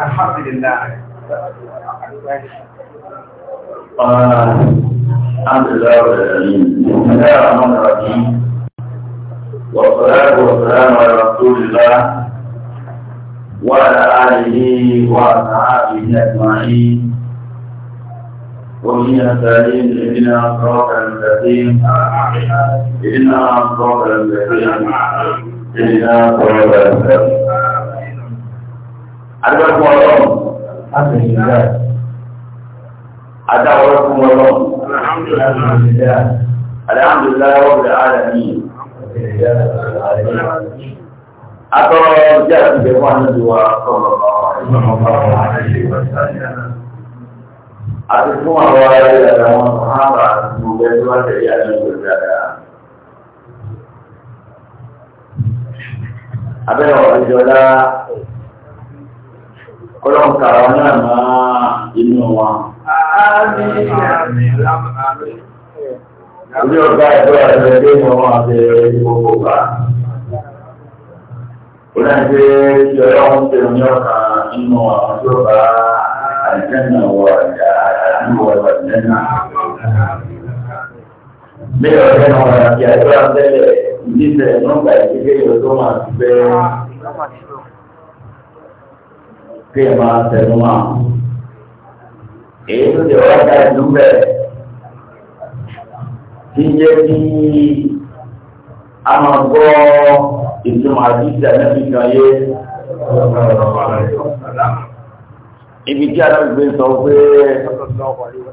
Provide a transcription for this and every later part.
الحمد لله الحمد لله رب العالمين بسم الله الرحمن الرحيم والصلاة والسلام على رسول الله وعلى آله وأصحابه أجمعين ومن يهتدين إلينا صراط المستقيم إلينا صراط المستقيم إلينا صراط المستقيم adúgbò ọlọ́run alhamdulilá adáwọ̀ fún ọlọ́run alhamdulilá alhamdulilá ọ̀rẹ́ alàmì atọ́rọ̀ jẹ́ àtúnjẹ fún àníjúwa àti fún àwọn ará ilẹ̀ àwọn ọ̀hánbà àti gbogbo ẹgbẹ́ wá tẹ̀lé àníjúwa dáadáa abẹ́rẹ́ ọ̀rẹ́jọ́lá ọlọ́run kàrà náà máa inú wa. Ilé ọ̀gá ẹ̀dọ́ ẹ̀rẹ́ pé wọ́n máa bá. Ó náà pé kí ọlọ́run tẹ̀ ní ọkàn inú àwọn tó bá àìsẹ́nà wọ àdúgbò ẹ̀wọ̀n náà. Bí ọ̀gá ẹ̀wọ̀n àti àìsẹ́nà tẹ́lẹ̀ nígbà ìdílé yóò máa ti bẹ́ẹ̀ kí ẹ máa tẹnu mọ́ èyí tó ti, wá dá ìlú bẹ́ẹ̀ kí jẹ́ kí a máa gbọ́ ìtumọ̀ àdìsí ànábì kan yé ibi tí alágbègbè sọ pé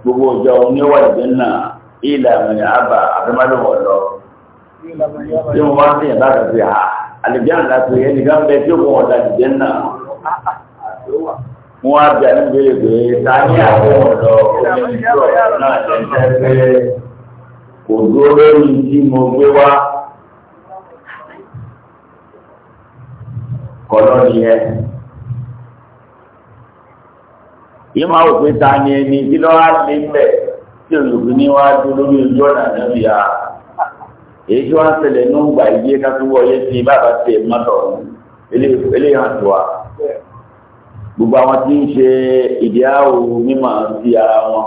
gbogbo ọjọ́ oníwà ìgbẹ́nà ìlànà àbà àbẹ́mọ́lẹ́wọ̀ lọ tí wọ́n wá sí ìbára pé àlejò àǹdà pé ẹnìkan bẹ tí ó kọ́ ọ̀dà ìgbẹ́nà wọ́n á bí àní béèrè pé ta ní àwọn ọ̀dọ́ onídìrọ̀ náà ṣẹ̀ṣẹ̀ pé kò dúró lórí tí mo gbé wá kọ́lọ́ nìyẹn. yìí máa wò pé ta ni ẹni tí lọ́wọ́ á lé mbẹ̀ tí olùkú ní wá dúró lórí ojú ọ̀nà náà yà á. èyí tí wọ́n ń ṣẹlẹ̀ ní ìgbà ìgbé ká tó wọ bàbá tiẹ̀ mọ́tò ọ̀hún eléyìí tó wa gbogbo àwọn tí ń ṣe ìdíyàwó mímọ̀ sí ara wọn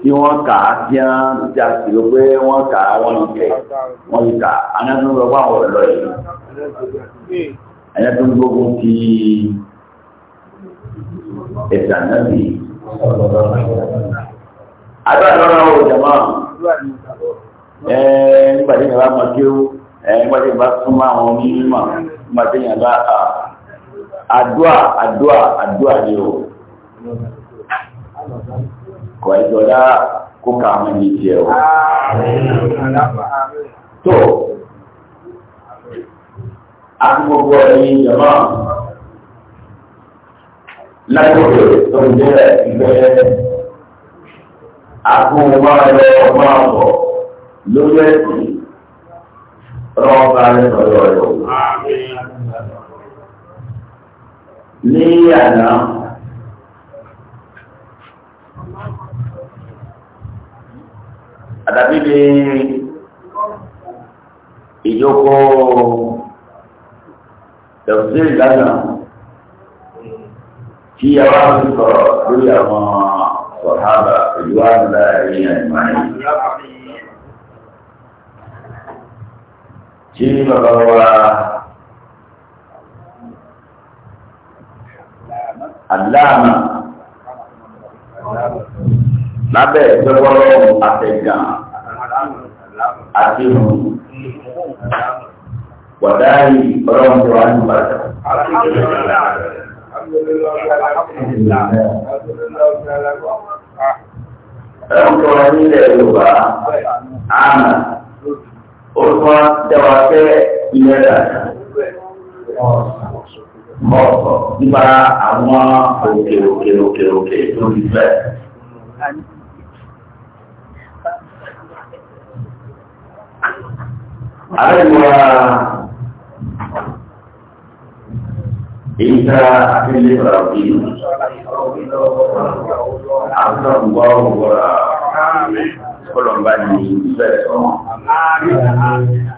tí wọ́n kà á tí wọ́n a sì rò pé wọ́n kà á wọ́n kẹ̀ wọ́n ti kà á ní ẹ̀sùn lọ́wọ́ àwọn ọ̀lọ́ yìí ẹ̀yẹ́ tó ń gbógun ti ẹ̀sà náà bì í. agbára lọ́wọ́ o nígbà tí yàrá máa kéwú ẹ̀ nígbà tí yàrá súnmọ́ àwọn onímọ̀ nígbà tí yàrá Adua Adua Adua ni o kọ̀ ẹ̀jọ̀dá kó ka àwọn ẹni jẹ o tó agbogbo ẹ̀yin jọmọ́ lágbègbè tó ń jẹ́ ìgbẹ́ agbóhùn máa lọ máa bọ̀ lórí ẹ̀sìn rọ́ọ̀bà rẹ̀ lọ́yọ̀ọ́ ní àná àdàbí ni ìjókòó tẹ̀síìrì lánàá tí yàrá ń sọ̀rọ̀ lórí àwọn sọ̀hábà ìlú àdúrà ẹ̀yìn àìmáyé. tí bàbá wa àdáàmì lábẹ́ ìgbẹ́wọ́rọ́ àtẹ̀gà àti ìhùn wàdáyì ọlọ́run tó wà ní ìbàdàn. Ẹ̀rọ tó wà nílẹ̀ Yorùbá, àmà, ó tún wá tẹ́wàá fẹ́ ilẹ̀ dàda ọ̀pọ̀ nípa àwọn òkè òkè òkè òkè tó fi fẹ́. Àrẹ́gbà èyí tára akílé ọ̀rọ̀ bí i àwọn ọ̀gbọ́ ọ̀gbọ́ra ọlọ́mbà ní ìfẹ́ sọ́wọ́n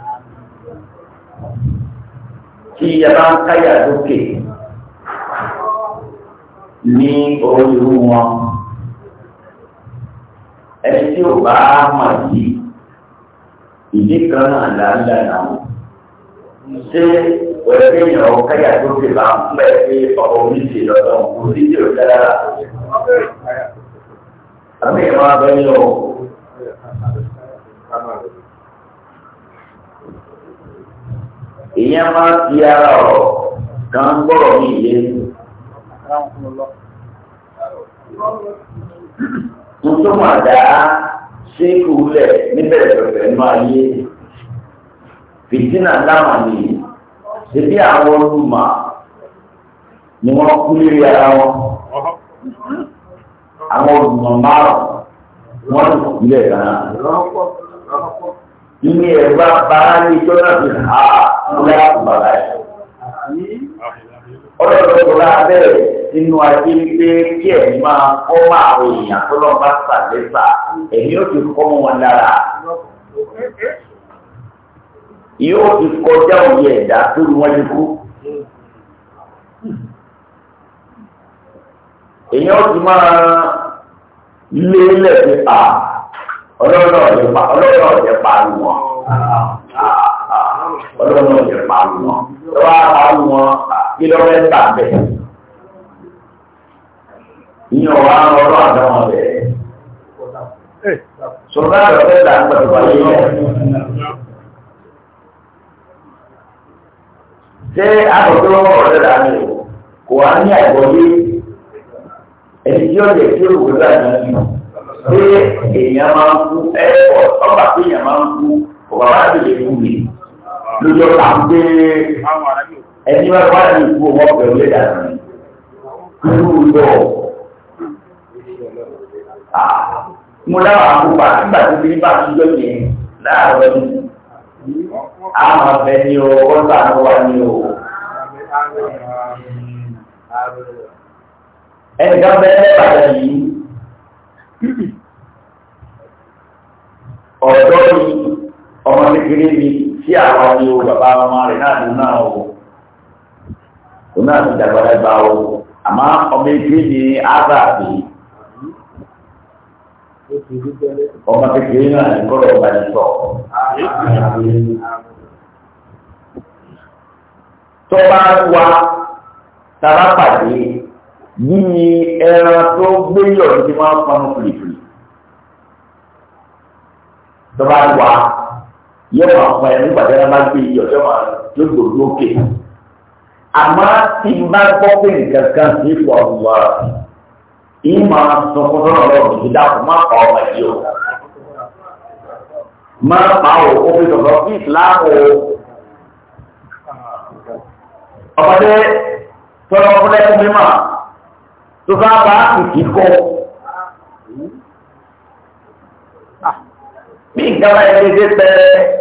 tí a bá ń káyà lókè ní orí irú wọn ẹni tí ò bá mọ̀ yìí ìdí kan náà láńdà náà ṣé ọ̀rẹ́ èèyàn káyà lókè bá ń pẹ́ pé ọ̀rọ̀ oríṣi lọ́dọ̀ kò sí tí ò dára àmì ìwọ̀n abẹ́yẹ̀ èèyàn máa fi ara ọ̀rọ̀ kan gbọ́rọ̀ ní ìyé. Ntoma dáa ṣé kúlẹ̀ níbẹ̀rẹ̀ pẹ̀pẹ̀ nínú ayé. Fìtínà dáhùn ni ṣebí àwọn olùmọ̀ ni wọ́n kú lórí ara wọn. Àwọn olùmọ̀ márùn-ún wọ́n ti kúlẹ̀ kan. Ilé ẹ̀ bá bá ní jọ́nà fi hà á múlára kò bàbá yìí. ọlọ́run tó bá bẹ̀rẹ̀ nínú ajé wípé kí ẹ̀mí máa kọ́ máa ro èèyàn tó lọ́n bá sàlẹ́sà ẹ̀mí ó ti kọ́ mọ́ wọn lára. yóò ti kọjá òye ẹ̀dá tó lu wọn yìí kú. èèyàn ti máa lé lẹ́sìn pa ọlọ́run ọ̀jẹ̀ pa lù wọ́n ọlọ́run ọ̀jẹ̀ pàlù wọn lọ́wọ́ pàlù wọn kí ló fẹ́ tà bẹ́ẹ̀. ìyẹn wà á lọ́rọ́ àdáwọn bẹ́ẹ̀. sọ̀rọ̀ àgbẹ̀ fẹ́ tà ń pẹ̀lú wáyé ṣé àkọ́kọ́ lọ́wọ́ ọ̀rẹ́ rà ni o kò wá ní àìbọ̀lé ẹni tí ó lè tí ó wúlò àìní pé èèyàn máa ń kú ẹ̀ẹ́pọ̀ ọgbà pé èèyàn máa ń kú ọ̀bà wá sì lè kú mi lójọ́ ta ń gbé ẹni wá wá ní ìkú ọmọ pẹ̀lú ẹ̀dá rẹ̀ kúrú lọ. Mo dáwà àkópa nígbà tó bí bá ti jọ yẹn láàárọ̀ ẹni. Àwọn abẹ ni o, kọ́ńtà ló wá ní o. Ẹnì kan bẹ́ẹ̀ bàjẹ́ yìí. Ọ̀dọ́ ni ọmọ kékeré ni tí àwọn ọmọ yóò bàbá ọmọ rẹ̀ náà ti náà wò òun náà ti dàgbà dàgbà wò àmọ́ ọmọ èké ni ábà pè é ọmọ kékeré náà ní kọ́lọ̀ ọba ní sọ. tọ́ba wa tàbá pàdé yíyí ẹran tó gbé yọ̀ ní ti máa ń pọnú fìlìfìlì tọ́ba wa yóò máa fọ ẹnu gbàdúrà máa gbé iyọ̀ yóò máa yóò gbòdú òkè. àmọ́ tí n bá gbọ́ pé nǹkan kan sí ipò ọ̀gbọ̀n yìí máa sọ fún sọ́nà lọ́wọ́ kìí dákun má pa ọmọ yìí o. má pa o ó fi sọ̀rọ̀ fún ìsìláàmù o. ọ̀pọ̀dé tọ́lọ́ fúnlẹ́kùn mímọ́ tó bá bá kìkì kọ́. bí nǹkan bá yẹ kéde pẹ́ẹ́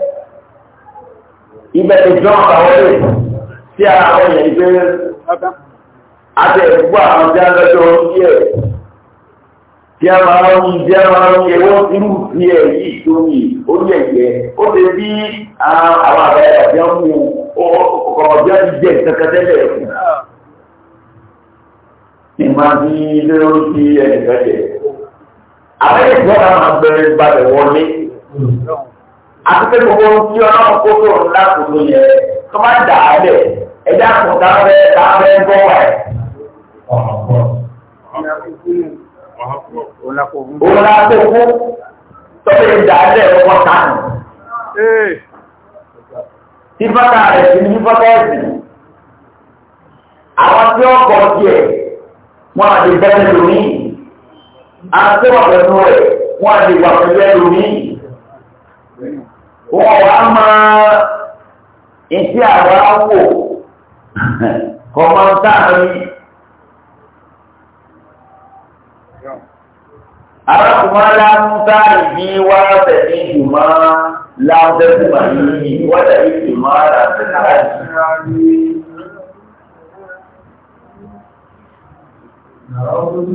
ibẹ̀ ti dán àwọn ilé tí ara àwọn èèyàn ìgbé àti ẹ̀gbọ́ àwọn tí a ń lọ́jọ́ orí ẹ̀ tí a máa ń tí a máa ń ewọ́ irú ti ẹ̀ yìí tó ní orí ẹ̀gbẹ́ ó ti bí àwọn àgbà ẹ̀dà tí wọ́n mú ọkọ̀ bí wọ́n ti jẹ́ ìkankan tẹ́lẹ̀ ẹ̀kún. ìmọ̀ àti ilé orí ẹ̀nìkan jẹ́ àwọn ìgbọ́n àwọn àti pé gbogbo tí ọlọ́run kó tó ń lákòókò yẹ tó má dà á lẹ̀ ẹ̀dá kò dáfẹ́ dáfẹ́ bọ́ wà ẹ̀. òun la kò kú tọ́lẹ̀ dà á lẹ̀ ọkọ̀ tánù. tí bàtà rẹ̀ sí ní bàtà ẹ̀sìn àwọn tí ó kọ̀ tiẹ̀ wọ́n á di bẹ́ẹ̀ lómi àti tí wọ́n fẹ́ fún rẹ̀ wọ́n á di wà pẹ̀lú ẹ̀ lómi wọ́n wá máa etí àwọn awò kọ̀mọ́tà rí. arákùnrin aláǹtà ìdí wá tẹ̀lé ìjùmọ̀ láńtẹ́kùnmọ̀ yìí wọ́n tẹ̀lé ìjùmọ̀ láńtẹ́kùnmọ̀ yìí. Àwọn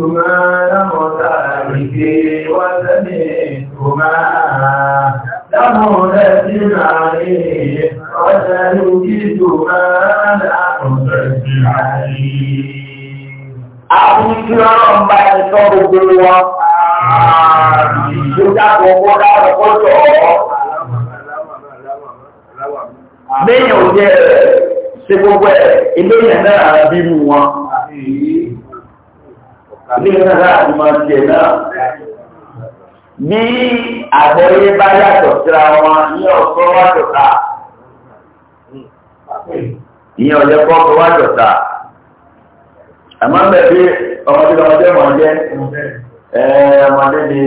ọmọ ọ̀tá ìdí wọ́n tẹ̀lé ìjùmọ̀ سهولة عليه وسنجد ما نحن عليه Àwọn tí ọlọ́run bá ti sọ gbogbo wọn, ló dàpọ̀ kó dára kó jọ ọ́. Léyìn òjé ṣe gbogbo ẹ̀, iléyìn náà bínú wọn. Iléyìn náà láti máa jẹ náà bí àgbọ̀yé bá yàtọ̀ síra wọn ní ọ̀sán wájọ̀ta ìyẹn ọ̀jẹ̀ kọ́ ọ̀sán wájọ̀ta àmọ́ ń bẹ̀ bí ọmọdé ọmọdé ọmọdé ọmọdé ni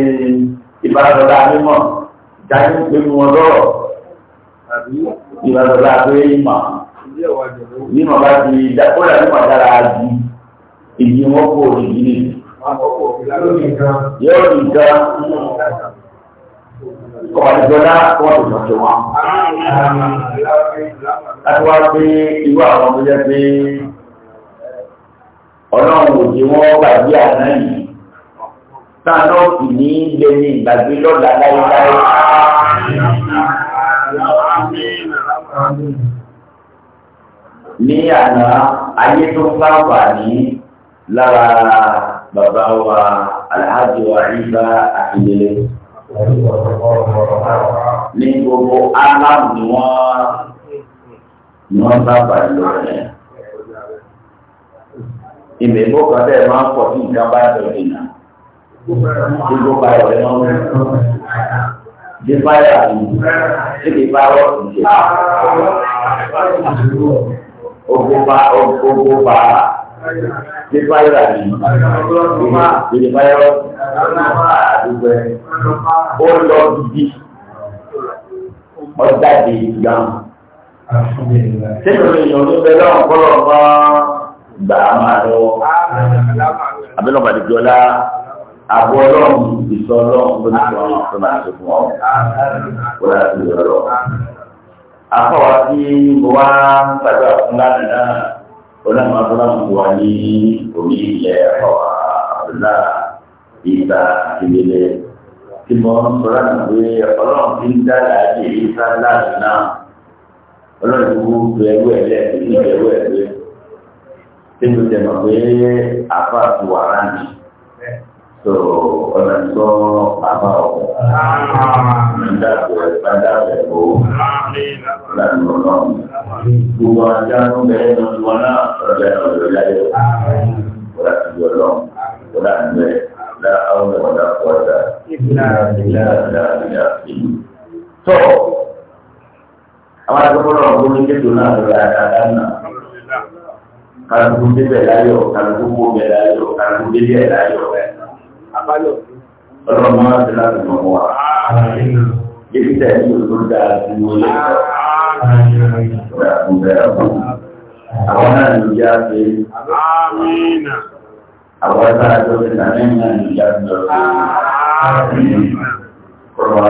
ìbáradọ̀dá mímọ̀ ìdájú pé wọn lọ́rọ̀ ìbáradọ̀dá pé mímọ̀ mímọ̀ bá ti dákúrà mímọ̀ dára ju ìdí wọn kó òdìdí nìyí yóò rí gan ọ̀pàdìjọ́lá wọ́n tó jọ wọn. láti wá pé irú àwọn tó jẹ́ pé ọlọ́run ò jẹ́ wọ́n gbàgbé àná yìí táà náà sì ní ilé ní ìgbàgbé lọ́la láéláé. ní àná ayé tó ń bá ní lára bàbá wa alhaji wa ibà àkìlélé. ní gbogbo alam ni wọ́n ni wọ́n bá bàjẹ́ lọ́rẹ̀. ìmẹ̀gbọ́ kan tẹ̀ máa ń pọ̀ sí nǹkan bá dọ̀ nìyà. gbogbo báyọ̀ ẹ̀ máa ń mú. Di fire ni, ṣé kì í bá wọ́n ti ṣe? Ogun bá Di fáyọ̀rà Di ìdè fáyọ̀rọ̀ àdúgbò ó lọ gidi ọjà dé ìgbà sínú èèyàn ló bẹ lọ́wọ́ kọ́lọ́ mọ́ gbà á máa lọ abẹ́lọ́ bàdìjọ́lá àbọ̀ ọlọ́run ìsọ ọlọ́run tó ní sọ tó máa ṣe fún ọ kó lára sí ìrọ̀lọ́ afọwọ́ sí mo wá ń gbàdúrà fún lánàá náà. Ulama telah menguani bumi lewa Allah kita dimilih. Timon surat gue orang tinggal lagi kita lana. Orang ibu gue gue dia ini gue gue. Timur dia apa suaranya? So orang so apa? Tidak berpada bebu dan menolong. Dua jam dengan mana berjalan berjalan. Orang jualan, orang be, dah awal pada kuasa. Tidak tidak tidak So, awak tu kalau bunyi ke dunia berada kan? Kalau bunyi berlalu, kalau bunyi berlalu, kalau bunyi berlalu àbáyọ̀ ọlọ́mọ láti láti mọ̀ wá yìí tẹ̀ ní òtò dáa sí mo lè sọ ìdààmú bẹ̀rẹ̀ fún àwọn náà ló yá pé àwọn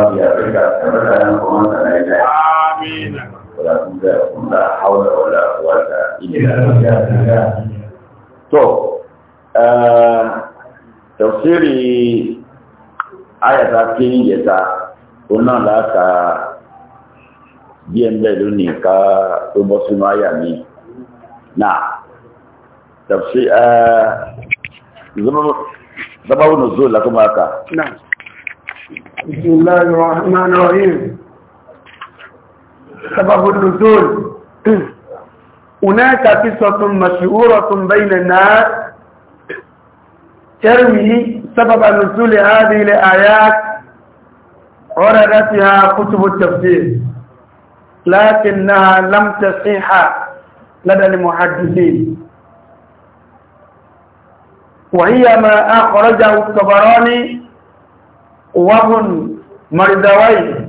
ẹgbẹ́ àjọ tafsiri ayata ké yẹta oná láta bí ẹnbẹ lónìí ká tó bọ́ sínú àyà mi náà tafsiri ẹ zababu nuzul la kuma ka bismillahir rahmanir rahim sababu nuzul هناك قصة مشهورة بين الناس تروي سبب نزول هذه الآيات وردتها كتب التفسير لكنها لم تصح لدى المحدثين وهي ما أخرجه الطبراني وابن مردوي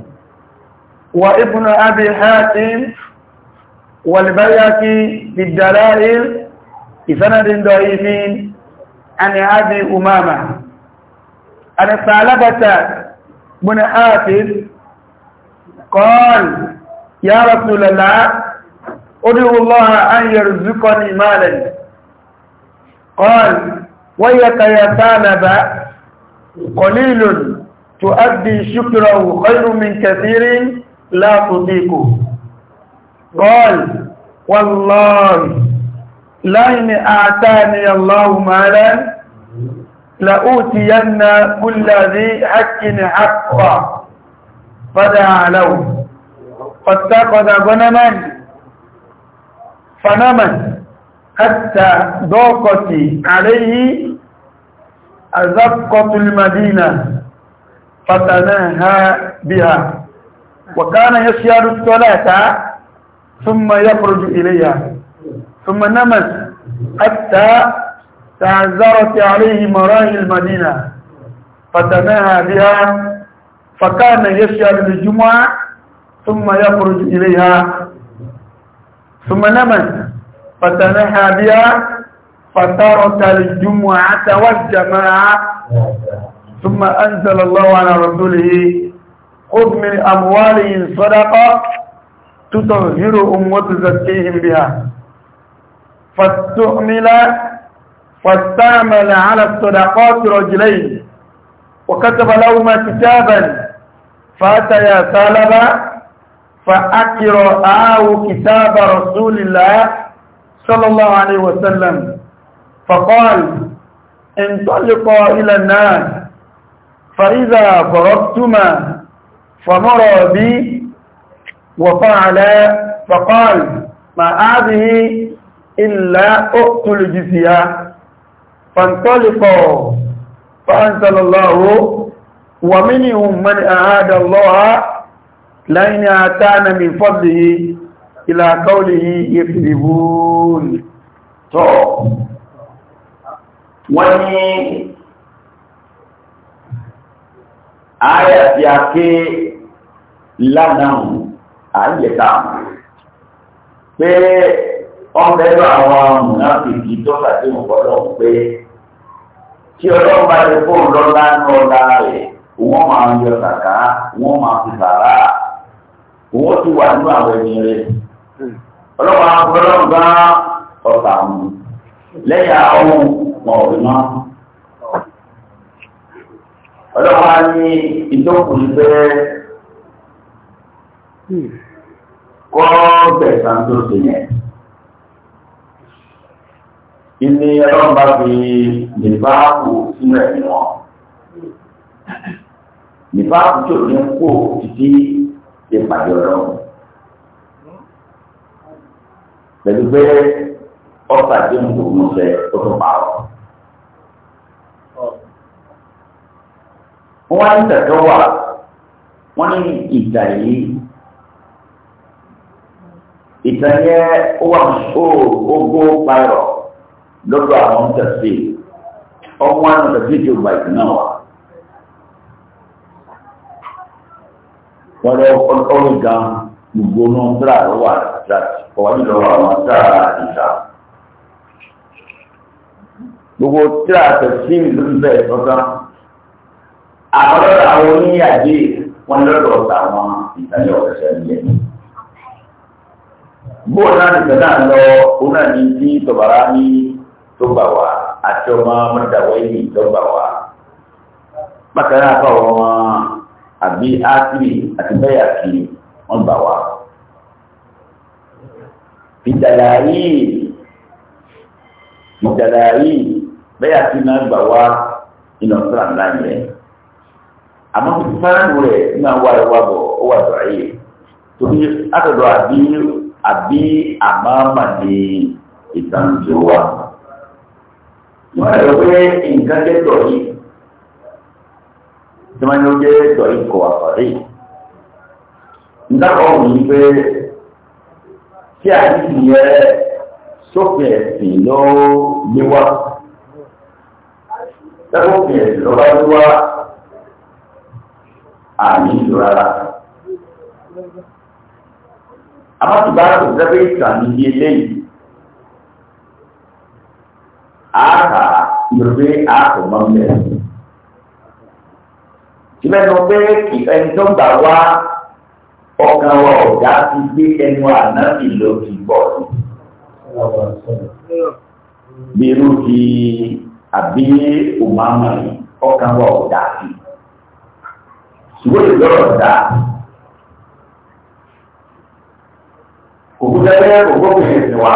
وابن أبي حاتم والبيهقي بالدلائل بسند ضعيفين عن أبي أمامة أن ثعلبة بن حافظ قال يا رسول الله أدعو الله أن يرزقني مالا قال ويك يا ثعلبة قليل تؤدي شكره خير من كثير لا تطيقه قال والله لئن آتاني الله مالا لأوتين كل ذي حق حقا فدعا له فاتخذ غنما فنما حتى ضاقت عليه أزقة المدينة فتناهى بها وكان يسير الصلاة ثم يخرج إليها ثم نمت حتى تعذرت عليه مراهي المدينة فتناهى بها فكان يشعر الجمعة ثم يخرج إليها ثم نمت فتناها بها فترك الجمعة والجماعة ثم أنزل الله على رسوله خذ من أموالهم صدقة تطهرهم وتزكيهم بها فاستعمل فاستعمل على الصدقات رجلين وكتب لهما كتابا فاتيا طالبا فأقرأه كتاب رسول الله صلى الله عليه وسلم فقال انطلقا إلى الناس فإذا ضربتما فمر بي وفعلا فقال ما هذه ìlà òkúlù jìsìyà fàntọ́lìkọ̀ fàntọ́lọ́wọ́ wà mínú mẹ́rin àádọ́ lọ́wọ́ lẹ́yìn àtànà mi fọ́dì ìlà kọ́lì ìfìdìbùn tọ́ wọ́n ní ààrẹ àti lánàá àyẹ̀ta pé ọ̀bẹ lọ àwọn mùnàfíìkì tó fàdé ọ̀pọ̀lọ̀ pé tí ọlọ́run bá ti fóun lọ́lá ní ọ̀la rẹ̀ wọ́n máa ń yọ kàkà wọ́n máa fi bàrà wọ́n ti wà nínú àwọn ẹni rẹ̀ ọlọ́run akọ̀lọ́run bá ọ̀tà mu lẹ́yìn àwọn ọmọ ọ̀rẹ́ náà ọlọ́run á ní ìjókòó bẹ́ẹ̀ kọ́ bẹ̀sán tó ṣe yẹn ilé ọlọ́run bá fi nìbáàbò sínú ẹ̀mí wọn nìbáàbò tó ní kó títí ìpàdé ọlọ́run pẹ̀lú pé ọ̀sà tí ń bò mú sẹ ó tó pa ọ́. wọ́n á tẹ̀tọ́ wà wọ́n ní ìjà yìí ìtàn yẹ ó wà ó ó gbó parọ́ lọ́dọ̀ àwọn tẹ̀sí ọmọ àwọn tẹ̀sí tí ó gba ìtì náà wà. wọ́n lọ ọlọ́run gan gbogbo náà ń tẹ́lá lọ́wọ́ àtàtà ọ̀wá nílò àwọn tẹ́lá ìta. gbogbo tẹ́lá tẹ̀sí ló ń bẹ̀rẹ̀ sọ́tàn. àwọn lọ́dọ̀ àwọn oníyàgbé wọn lọ́dọ̀ ọ̀tà àwọn ìtàlẹ̀ ọ̀sẹ̀ nílẹ̀ bóòlù náà nìkan náà lọ òun náà ní tí tọ̀bàrà ní tó gbà wá àti ọmọ mọ́tàwọ́ yìí tó gbà wá. bákan náà àbí ákìrì àti bẹ́yà kì wọ́n gbà wá. ị yìí baya yìí bẹ́yà kì náà gbà wá iná sọ́ra ńlá yẹn. àmọ́ fífáànù rẹ̀ bọ̀ ó wà dọ̀rọ̀ yìí torí àtọ̀dọ̀ àbí àbí wọ́n rẹ̀ pé nǹkan jẹ́ tọ̀ yìí tí wọ́n ní ó jẹ́ tọ̀ yìí kọ̀ àkọ̀rí ńdàkọ̀ wù ní pé tí àdìsí yẹ sófin ẹ̀sìn ló gbé wá sófin ẹ̀sìn ló bá gbé wá àmì ìlú rárá àmọ́ tí bá tó sẹ́fẹ̀ẹ́ ìtàn ní eléyìí àákà ìròpé àákò máa ń bẹ̀. Ìbẹ́nu pé kì ẹni tó gbà wá ọkàn wa ọ̀gá ti gbé ẹnu àná ìlò ti bọ̀ sí. Bí irú ti àbí òmàmà ọkàn wa ọ̀gá sí. Ṣùgbọ́n ìlọ́rọ̀ dá. Òkúta ẹgbẹ́ òkú òkú ìrìn wa.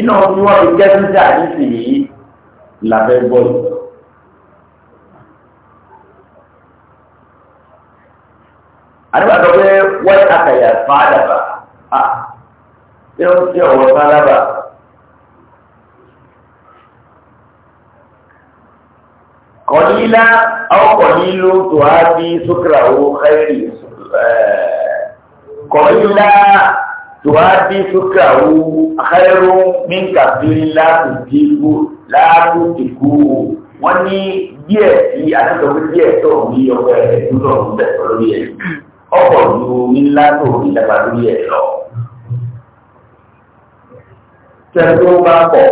iná tí wọ́n fi jẹ́ sísẹ́ àdísì yìí làbẹ́ bọ́ yìí. àdébàtọ̀ pé wọ́n àkàyà fàdàbà à tí ó ń tí ọ̀wọ́ fàdàbà. kọ̀nílá ọkọ̀nílú tó sókèrè owó káyìrì kọ̀nílá tuhadifukahu khairu min kàfírí látùdíkú látùdíkú wọ́n ní díẹ̀ tí adájọ́gbé díẹ̀ tó ní ọgbẹ́ rẹ̀ tó lọ ń bẹ̀ lórí ẹ̀ ọkọ̀ ju ńlá tó ní lápá lórí ẹ̀ lọ. tẹ́tọ́ bá pọ̀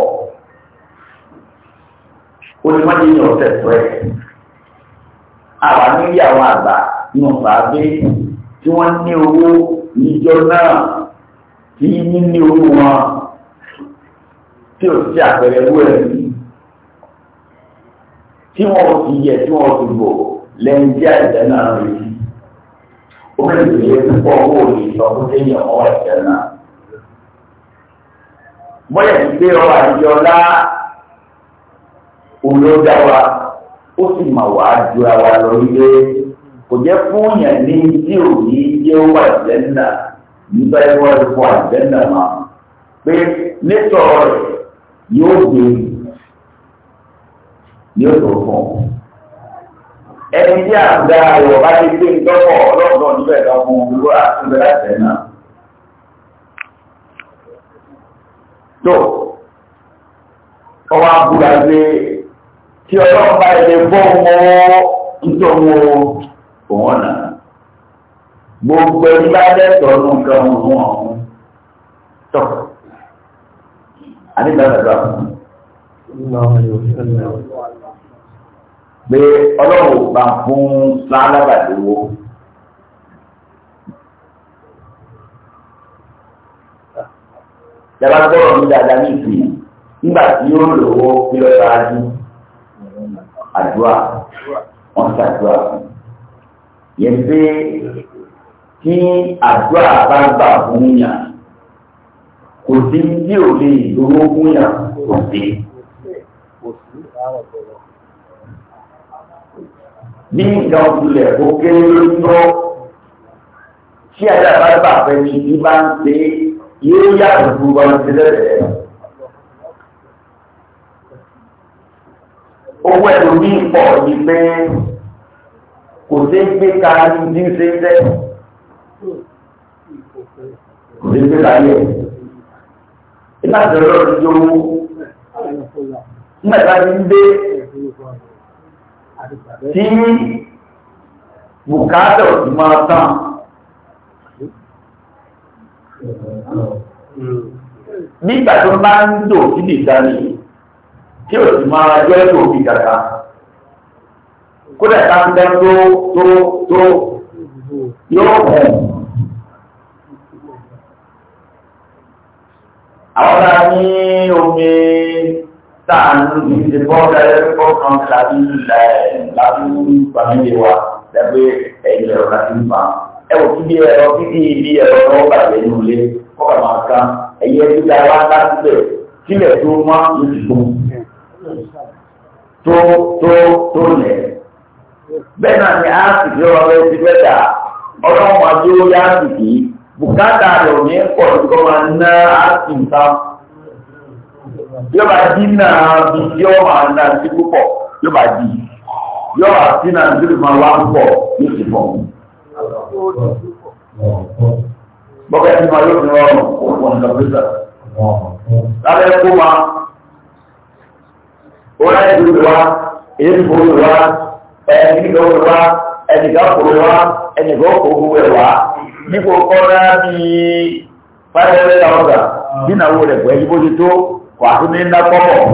ó ní wọ́n ti yàn tẹ̀tọ́ ẹ̀ àwọn níyàwó àgbà ní ọ̀pá abé tí wọ́n ní owó náà kì nínú ní orú wọn tí ò sí àpẹẹrẹ ẹ̀mí tí wọ́n ti yẹ tí wọ́n ti bò lẹ́yìn tí àìsàn náà rí ó bẹ̀rẹ̀ sí ilé púpọ̀ owó òní ọwọ́ ẹ̀sẹ̀ náà. ti gbé àjọ lá lọ ilé kò jẹ́ fún yẹn ní tí nígbà tí wọ́n ti fọ àjẹ́ndà máa pé nítọ̀ rẹ̀ yóò gbé yóò tó fún un. ẹni tí àgbà rẹ̀ ọba ti gbé ìtọ́kọ̀ ọlọ́dọ̀ níbẹ̀ lọ fún un lọ́wọ́ àtúndẹ̀ láti ẹ̀ náà. tó ọwọ́ àbúrò àgbẹ̀ tí ọlọ́pàá ilé bọ́ wọn ń òun náà gbogbo ẹni bá dẹ́tọ̀ ọdún kan ọ̀hún ọ̀hún tọ̀ àdìgbàdàgbà pé ọlọ́run bá fún lálábàdéwó yàrá gbọ́dọ̀ ní dáadáa ní ìsìn nígbà tí yóò lòwó kí lọ́ ṣáájú àdúrà wọ́n ṣàdúrà yẹn pé tí àdúrà bá gbà fún yàn kò sí bí ò lè lówó fún yàn kò sí. Bí nǹkan ìpìlẹ̀ kó kéré lórí lọ, tí àdúrà bá gbà fẹ́ ni bí bá ń ṣe yóò yàtọ̀ fún bá ń ṣe Owó ẹ̀rọ ní ìpọ̀ ni pé kò sí gbé ka ní ṣe ń tẹ́lẹ̀. Ìgbésẹ̀ láyé. Iná ìjọba lọ́dún jó owó. Nígbà tí a ti ń dé tí bùkátà ti máa tán. Nígbà tó máa ń dò sí ìdáni tí ò sì máa jẹ́ tó fi kàkà. Kódà ń dẹ́ tó tó tó yóò hùn. àwọn náà ní omi táàlù ní ti bọ́ọ̀lù ẹ̀rọ kan láti ilẹ̀ láti pàmílì wa lẹ́gbẹ́ ẹ̀yìn ẹ̀rọ láti ń pa ẹ̀wọ̀ kí bí ẹ̀rọ títí ibi ẹ̀rọ tó bàjẹ́ nínú ilé kọ́kà máa ká ẹ̀yẹ gbígbà wá láti bẹ̀ sílẹ̀ tó má lóṣù tó tó tó tó lẹ̀ bẹ́ẹ̀ náà ni a sì fi ọ̀rọ̀ ẹ̀ ti bẹ́ẹ̀ dà ọlọ́run àti ó yá sì kìí bùkátà rẹ̀ ò ní pọ̀ tí kọ́ máa ná áàtì nǹkan yóò bá dí náà bí yóò máa ná sí púpọ̀ yóò bá dí yóò bá sí náà sí lè máa wá púpọ̀ yóò sì pọ̀. bọ́kẹ́ tí máa yóò fi rọrùn òpó nǹkan pẹ́sà. lábẹ́ kó máa wọ́n láti dúró wá èyí fòrò wá ẹ̀ẹ́dì lọ́wọ́ wá ẹ̀ẹ́dì ká fòrò wá ẹ̀ẹ́dì kọ́ òkú wẹ̀ nípò kọ́dá bí five hundred thousand rẹ̀ pẹ̀lú bó ti tó kò àti ní ná kọ́bọ̀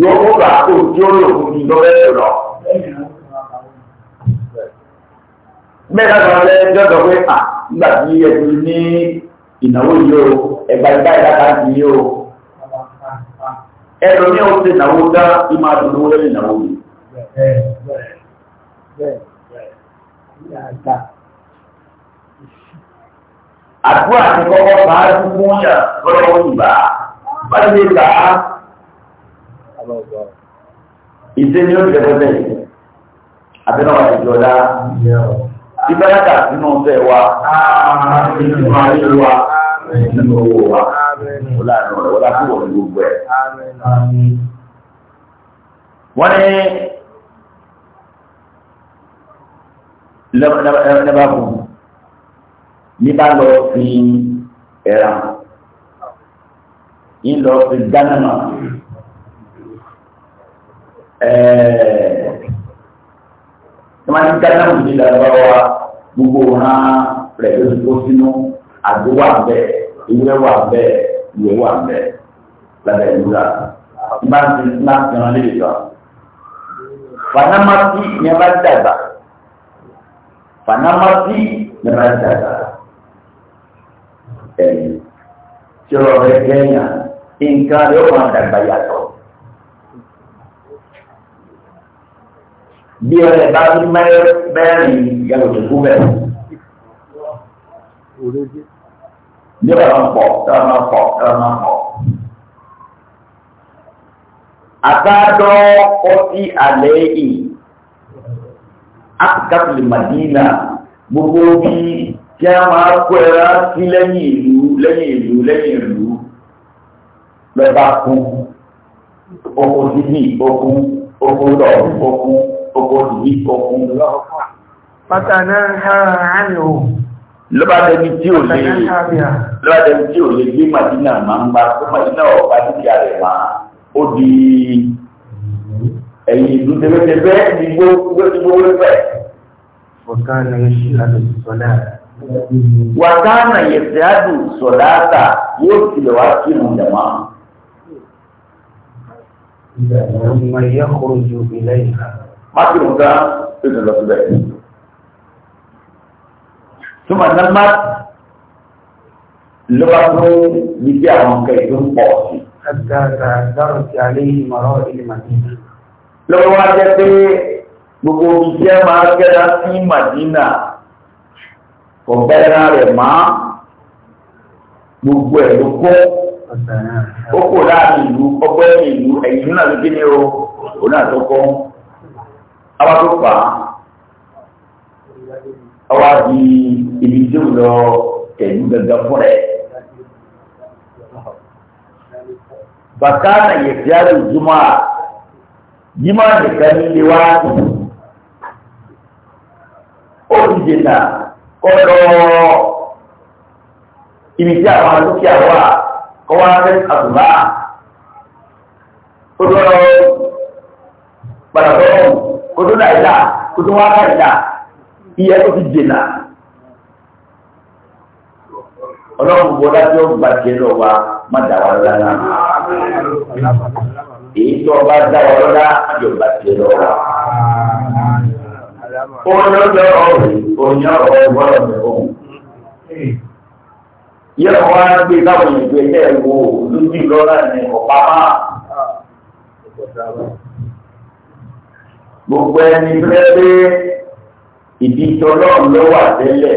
yóò kó gbà tó tí ó lò fún mi lọ́wọ́ lọ. mẹ́ta jọ́dọ̀ pé à nígbà tí ní ìnáwó yìí o ìgbà ìdáka yìí o ẹ̀rọ ní ti dá lẹ́yìn ìnáwó yìí. àdúrà ti kọ́kọ́ bá dúkú yà lọ́wọ́ ìgbà bá lè gbà á. Ìṣe ni ó ti lẹ́fẹ́ bẹ́ẹ̀. Àbẹ́nàwà ìjọba. Ìbárakà sínú ọ̀fẹ́ wa. Ìṣe máa ń lé wa nínú owó wa. Wọ́lá àná rẹ̀ wọ́lá kúrò ní gbogbo ẹ̀. Wọ́n ní lẹ́bàá fún un. ní bá lọ fi ẹ̀rà ń lọ fi gánàmà ẹ̀ẹ́dẹ́ máa ń gánàmà ní lọ́wọ́ gbogbo hàn rẹ̀ ló ti kó sínú àgbo wà bẹ́ẹ̀ ewúrẹ́ wà bẹ́ẹ̀ ìwé wà bẹ́ẹ̀ lábẹ́ ìwúrà bá ń ti ńlá ìran lè lọ. fanamasi ni a bá dàgbà fanamasi ni a bá dàgbà. ẹ̀yìn tí ọ̀rọ̀ rẹ̀ kẹ́yìn nǹkan rẹ̀ ó máa dàgbà yàtọ̀. bí ọ̀rẹ́ bá ní mẹ́rin yàgò tó kú bẹ́ẹ̀. bí ọ̀rọ̀ máa pọ̀ ọ̀rọ̀ máa pọ̀ ọ̀rọ̀ máa pọ̀. Àtàdọ́ ọtí àlẹ́ yìí, àkàtúntì Màdínà gbogbo bíi kí a máa kó ẹra sí lẹ́yìn ìlú lẹ́yìn ìlú lẹ́yìn ìlú lọ́ba kún oko títí okun oko lọ okun oko títí okun lọ́pàá. pátánà ha àánú. lọ́ba tẹni tí ò lè lọ́ba tẹni tí ò lè gbé màdínà máa ń gba tó màdínà ọ̀pá títí àrẹ̀ wá ó di ẹ̀yìn ìlú tẹ́fẹ́tẹ́fẹ́ ní gbogbo gbogbo gbogbo fẹ́. ọ̀kan ní ṣílá lè sọ náà wàtánà yẹ̀sẹ̀ádù sọ̀láàtà yóò tilẹ̀ wá kí mu jàmá. Mà yẹ kúrò ju ilé yìí. Má kí mu dán ètò lọ síbẹ̀. Súnmọ̀ náà má ló bí bí àwọn nǹkan ń pọ̀ sí. Àgbàgbà dárò ti alẹ́ yìí mọ̀rọ̀ ìlú Màdínà. Lọ́wọ́ wá jẹ́ pé gbogbo iṣẹ́ máa gẹ́ra sí Màdínà ọ̀bẹ ẹran rẹ̀ má gbogbo ẹ̀ ló kó ó kò láàrin ìlú ọgbẹ́ ìlú ẹ̀yìn náà ló dé ní o òun náà tó kọ́ àwọn tó fà á ọwọ́ àti ibi tí ó lọ tẹ̀lú gẹ́gẹ́ fún rẹ̀. Bàtánà yẹ̀fẹ́ àlùjúmọ́ à, jímọ̀ nìkan ní ilé wá. Ó ti dènà kọ́lọ́ ibi tí àwọn dúkìá wà kọ́ wá fẹ́ àdúrà kó tó lọ padà bọ́ọ̀mù kó tó láìlà kó tó wá láìlà iye tó ti dènà ọlọ́run bọ́ dájú ọgbà tiẹ̀ lọ wa má dà wà lọ́la èyí tó ọba dá wà lọ́la yóò bá tiẹ̀ lọ wa olóòjọ́ ọ̀rẹ́ òyìn ọ̀rọ̀ ìwọ́rọ̀ mẹ́fọ́n yẹ́n wá gbé káwọn ìgbé ẹ̀ wo lójú lọ́la ní ọ̀pá máa gbogbo ẹni pẹ́ẹ́pẹ́ ìdí tọ́lọ́ọ̀ ló wà tẹ́lẹ̀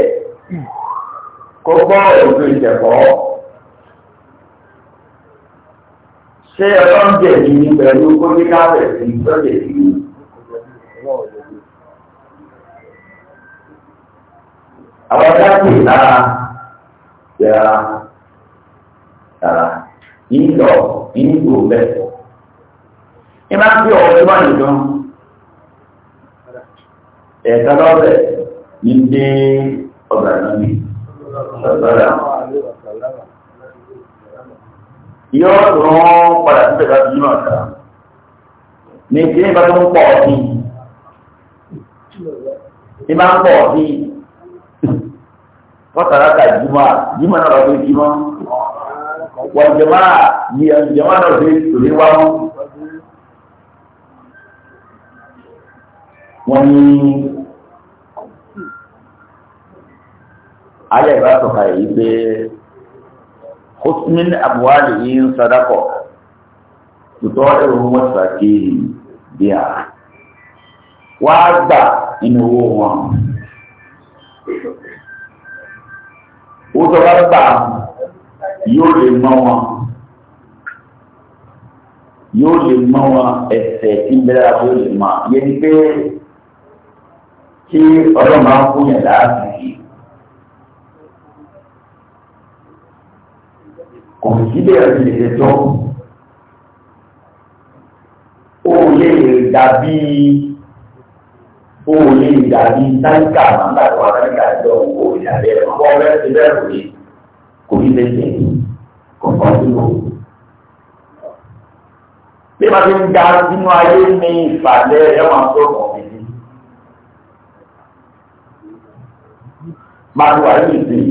kó gbọ́ òjò ìjẹ̀kọ́ ṣé ọlọ́run jẹ̀bi pẹ̀lú kó ní káfẹ̀ sí lọ́jẹ̀ sí i. àwọn ọjà pè lára yẹra lára yìí lọ yìí gbò bẹ́ẹ̀. ẹ máa ń fi ọ̀rọ̀ tó bá nìkan ẹ̀ka lọ́bẹ̀ ní dé ọ̀gá níbi ọ̀gá yóò rún padà sí ìgbà tó nínú ọ̀gá ní kí ní bá tó ń pọ̀ sí i ní bá ń pọ̀ sí i. fataraka juma juma náà lọ́dún juma wọ́n jama jama náà lọ́dún lórí wa mú. wọ́n ní ayé ìbá sọ̀ka yìí pé husmin abuwali yìí ń sadakọ̀ tutọ́ ẹ̀rọ wọn sàkéyì bíà wàá gbà nínú owó wọn owó tó bá gbà yóò lè mọ́ wọn yóò lè mọ́ wọn ẹsẹ̀ tí bẹ́ẹ̀ àti yóò lè mọ́ yẹ ni pé kí ọlọ́run máa ń fún yẹn láàbì yìí kò sí bẹ́ẹ̀ ti lè tọ́ ó lè dàbí ó lè dàbí táyíkà máa ń bá àwọn táyíkà jọ wò ìyá rẹ̀ ọkọ rẹ̀ ti bẹ́ẹ̀ kò ní kò ní lè tẹ̀ kò fọ́ sínú. Bí wọ́n ti ń ga sínú ayé ní ìpàdé ẹ̀ máa tó kọ̀ mí ní. Máa tó wáyé ìsìn,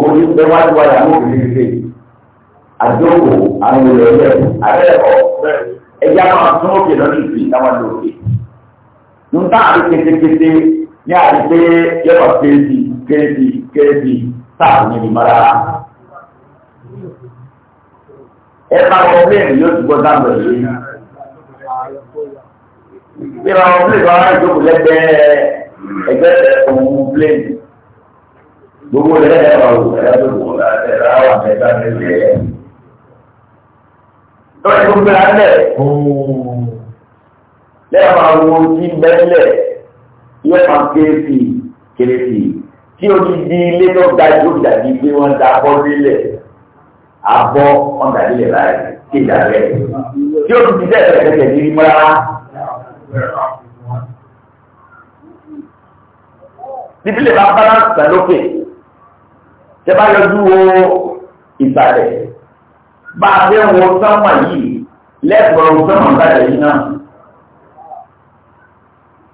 orí pé wá tó wáyé àwọn òbí rẹ̀ àjọwò àwọn olè ẹ̀yẹ àbẹ́ẹ̀kọ́ ẹ̀yà máa tún òkè lọ́nà ìsìn táwọn lòkè. Nǹkan àti kétékété ní àti pé yọ̀ọ̀ péjì kẹ́ẹ̀bì kẹ́ẹ̀bì táà ní ìmọ̀ra ẹ bá wọ bẹ́ẹ̀ yóò ti gbọ́ dáàbò yìí bí wọ́n wọ bẹ́ẹ̀ wọ́n á jókòó lẹ́gbẹ̀ẹ́ ẹgbẹ́ òun plẹ́ẹ̀nì gbogbo rẹ̀ ẹ̀ wà wò ẹ̀ tó wò ẹ̀ rà wà ẹ̀ bá mi lẹ̀ ẹ̀. lọ́wọ́ ẹ̀ tó gbéra lẹ̀ lẹ́ẹ̀ máa wo tí bẹ́ẹ̀ lẹ̀ yóò máa kéré sí kéré sí i tí o ti di ilé tó ga ju dàbí pé wọ́n da abọ́ nílẹ̀ abọ́ wọn dàbí lẹ̀ láì ké dàbẹ́ tí o ti di dẹ́sẹ̀ kẹsẹ̀ ní mọ́ rárá. Bíbílẹ̀ bá balance tán lókè, tẹ bá yọjú wo ìsàlẹ̀, bá a fẹ́ wo sánmà yìí lẹ́gbọ̀n sánmà ìsàlẹ̀ yìí náà.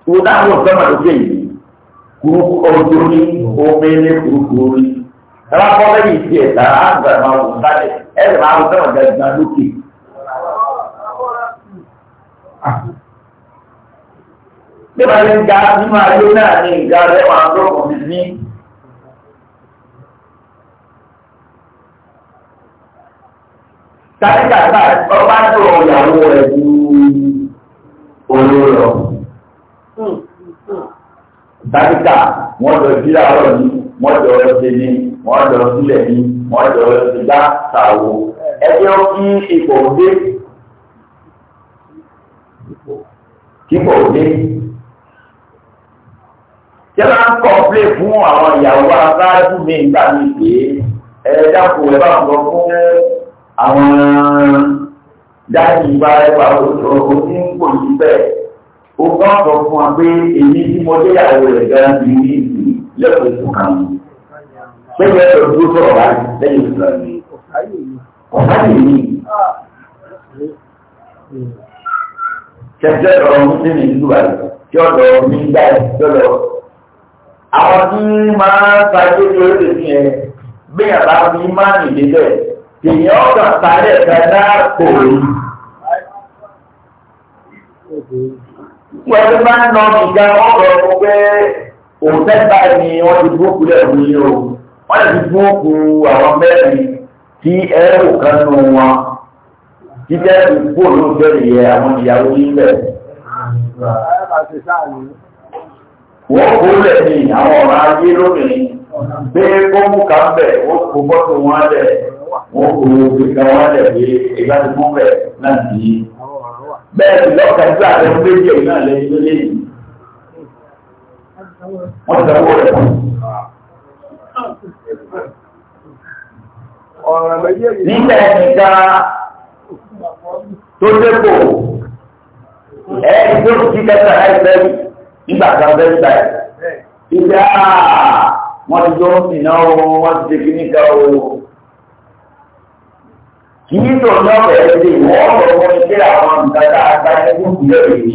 Ìwòdà wo sánmà lókè yìí kúrúkú ọjọ́ ní omi ní kúrúkú orí. Ẹ máa kọ́ lẹ́yìn ìdí ẹ̀ tààrà àgbà máa wò sálẹ̀ ẹ lè máa wò sẹ́wọ̀n gàgbà lókè. Bí wàá ní ga nínú ayé náà ní ìgbà rẹ̀ wà lọ́kùn mi ní. Táyà gbà ọba tó ìyàwó rẹ̀ ju olóró dáríkà wọ́n jọ jíra ọ̀rọ̀ ni wọ́n jọ ṣe ni wọ́n jọ sílẹ̀ ni wọ́n jọ ṣe dá tàwo ẹgbẹ́ kí ipò dé kíkò dé tí wọ́n ń kọ́pílẹ̀ fún àwọn ìyàwó aráàlú mi nígbà mi pé ẹ̀ẹ́dàpọ̀ ẹ̀ bá ń lọ fún àwọn dáàbì ìgbà ẹ̀fà òṣòro tí ń pò yí bẹ́ẹ̀ ó bá sọ fún wa pé èyí tí mo dé àwọn rẹ̀ gara ti ní ìlú lẹ́kọ̀ọ́ fún kan lẹ́yìn ẹ̀rọ tó sọ̀rọ̀ wá lẹ́yìn ìlú rẹ̀ ọ̀sá yìí ní kẹ̀kẹ́ ọ̀rọ̀ ní ní ìlú rẹ̀ kí ọ̀dọ̀ mi gbá ẹ̀ lọ́dọ̀ àwọn tí máa ń ta ilé ní orílẹ̀ sí ẹ bí àbá mi máa ń ìdílé èèyàn ọ̀gá ta ẹ̀ka náà kò wọ́n ti máa ń lọ nìkan wọ́n lọ fún pé òun tẹ́gbà ni wọ́n ti bú òkú lẹ́rù ní o wọ́n lè fi bú òkú àwọn mẹ́rin tí ẹrù kan nù wọn jíjẹ́ ìgbó ló bẹ̀rẹ̀ yẹ àwọn ìyàwó nílẹ̀ wọ́n kó lẹ̀ ní àwọn ọ̀rọ̀ ayé lónìí pé kó mú ká bẹ̀ wọ́n kó bọ́tò wọn lẹ̀ wọ́n kó gbé ká wọn lẹ̀ pé ìgbàdùn mọ́bẹ̀ láti yìí bẹ́ẹ̀ ni lọ́ọ̀kà ìgbà rẹ̀ ń gbé jẹ́ iná lẹ́yìn lélẹ́yìn wọ́n tẹ̀wọ́ rẹ̀ pọ̀. nílẹ̀ nìka tó dépò ẹ̀ẹ́dì tó ti kẹta ẹgbẹ́ ìgbà kan bẹ́ẹ̀ gbà ẹ̀. ìgbà wọ́n ti jọ ń sìn náà wọ́n ti ṣe kíníkà owó kìí tó ní ọ̀pẹ̀ ẹ̀dẹ̀ wọ́n lọ́wọ́ ṣe àwọn ìdájá àgbà ẹgbẹ́ ìpínlẹ̀ èyí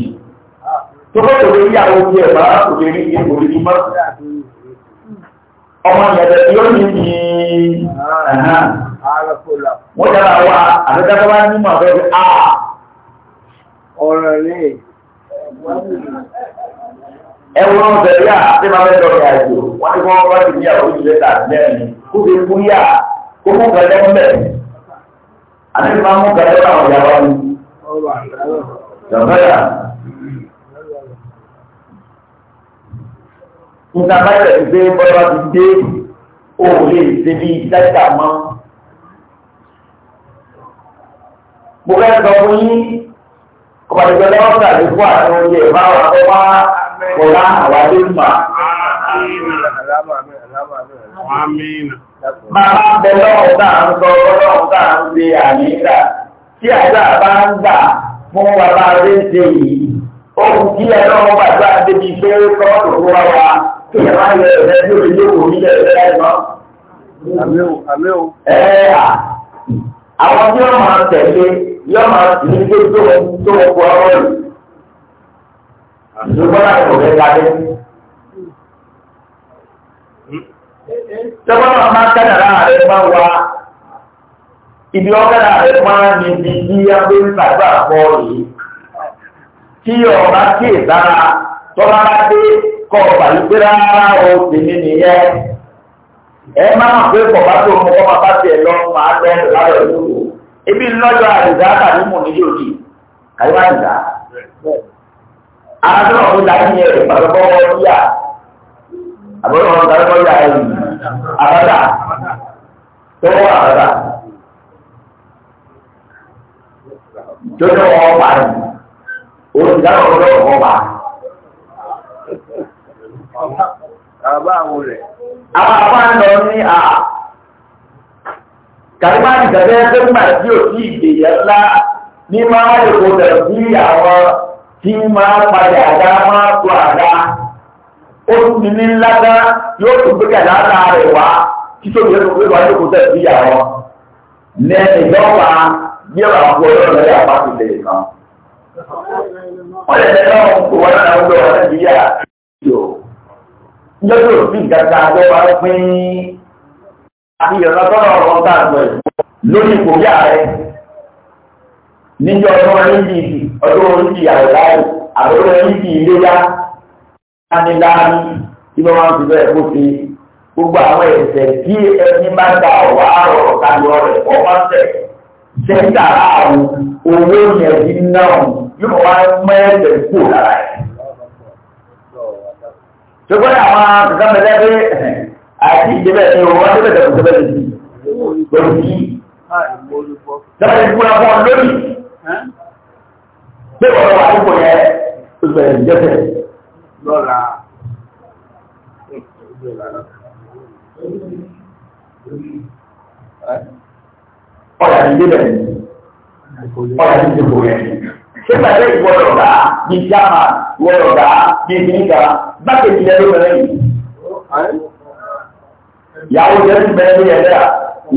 tó bẹ́ tó lórí àwọn ojú ẹ̀ máa kò lè rí ní orí mímọ́ ọmọ ìyàtọ̀ tí ó ní ní wọ́n dára wa àtẹ́tẹ́tẹ́ bá ní màá fẹ́ẹ́ a ah! ọ̀rọ̀ rẹ̀ ẹwọ́n bẹ̀rẹ̀ yà tí máa fẹ́ lọ́rẹ̀ àjò wọ́n ti kọ́ àti máa mú gàdé àwọn ìyàwó ni. Jọ̀bẹ́yà. Nǹkan bá yẹ̀ pé bọ́lá ti dé ó lè ṣe bí dájà mọ́. Mo fẹ́ sọ fún yín, ọ̀pọ̀lọpọ̀ lọ́wọ́ tàbí fún àwọn oúnjẹ ìbáwọ̀ àkọ́kọ́ wọ́n wá àwọn adé mà. Máa bẹ lọ́wọ́ táà ń sọ ọlọ́run táà ń ṣe àmìlà tí àjá bá ń gbà fún bàbá rẹ̀ ṣe yìí. Ohun kí ẹlọ́run bàbá débi pé kọ́ òkú wá wa kí ẹ máa yẹ ẹ̀rẹ́ tí ó lè yóò wòrí lẹ̀ ẹ̀rẹ́ mọ́. Àwọn tí wọ́n máa tẹ̀lé yóò máa sì tọ́gbọ́n máa máa kádàrá rẹ̀ máa wá ibi ọ̀kadà rẹ̀ máa ní ibi tí a gbé ń tàgbà pọ̀ yìí tí ọ̀rá kí ìdára tọ́lá dé kọ́ ọ̀bà yìí pé rárá o tèmi nìyẹn ẹ máa pé kọ̀ọ̀bá tó mú ọmọ bá tiẹ̀ lọ máa lọ lábẹ́ òdòdó ebi lọ́jọ́ àdìdá tàbí mò ní yóò di kàyọ́ àdìdá. Adúlọ̀ ló la ní ẹ̀rọ ìgbàlọ́gbọ́ yíyà àbọ̀dọ̀ wọn kàrí kọjá ẹ̀yìn àbádà tó wọ́n àbádà tó ní wọn pa ni òun ìdáná ọ̀dọ́ wọn pa. Àbá àwọn rẹ̀. Àwọn àbá ń lọ ní à. Kàrímà ìgbàgbé ẹgbẹ́ tí ò sí ìgbèyẹ ńlá ní máa ń lè kó tẹ̀lé àwọn tí máa ń padà dá máa tó àdá ó tún ní ní ńlá tán yóò tún gbé kàdá ńlá rẹ̀ wá kí tó yẹ kó gbé wá yóò kó tẹ̀ sí àwọn ní ìjọba bí ọ̀rọ̀ àpò ọlọ́run lẹ́yìn àpáti lè kan. wọ́n lè tẹ́lẹ̀ wọn kó wọn náà gbé wọn lẹ́bi yá yóò yóò tó fi gàdá tó bá pín àti ìrọ̀lá tọ́lọ̀ ọ̀rọ̀ tá a sọ yìí lórí ipò yá rẹ̀ níjọ́ ọdún orí ti ọdún orí ti àwòrán àbẹ̀wò orí ti ilé yá dánidáni tí wọ́n máa ń fi bẹ́ẹ̀ kó fi gbogbo àwọn ẹ̀sẹ̀ tí ẹni bá dá ọ̀wá ọ̀rọ̀ kájọ rẹ̀ ọ̀pọ̀ṣẹ̀ sẹ́ńtà àrùn owó yẹ̀dí náà yóò wá mẹ́ẹ̀ẹ̀sẹ̀ kú lára ẹ̀. ṣùgbọ́n àwọn kankan bẹ̀rẹ̀ pé àti ìdíbẹ̀ ni òun wá débẹ̀ tẹ̀kọ̀ tẹ́bẹ̀ lè di pẹ̀lú yìí. dábàá ti kúra fún ọ lónìí pé ọ̀rọ̀ àdúgbò yẹn ó bẹ̀rẹ̀ jẹ́fẹ̀ẹ́ lọ́ra ọ̀rọ̀ àdìdé bẹ̀rẹ̀ ọ̀rọ̀ àdìdé kò rẹ̀ ṣé bàtẹ́ ìwọ̀rọ̀ ní jáma wọ̀rọ̀ dá ní ìgbìnkà bákejì ẹ̀rọ rẹ̀ yìí ìyàwó jẹ́ ti bẹ̀rẹ̀ ní ẹ̀dá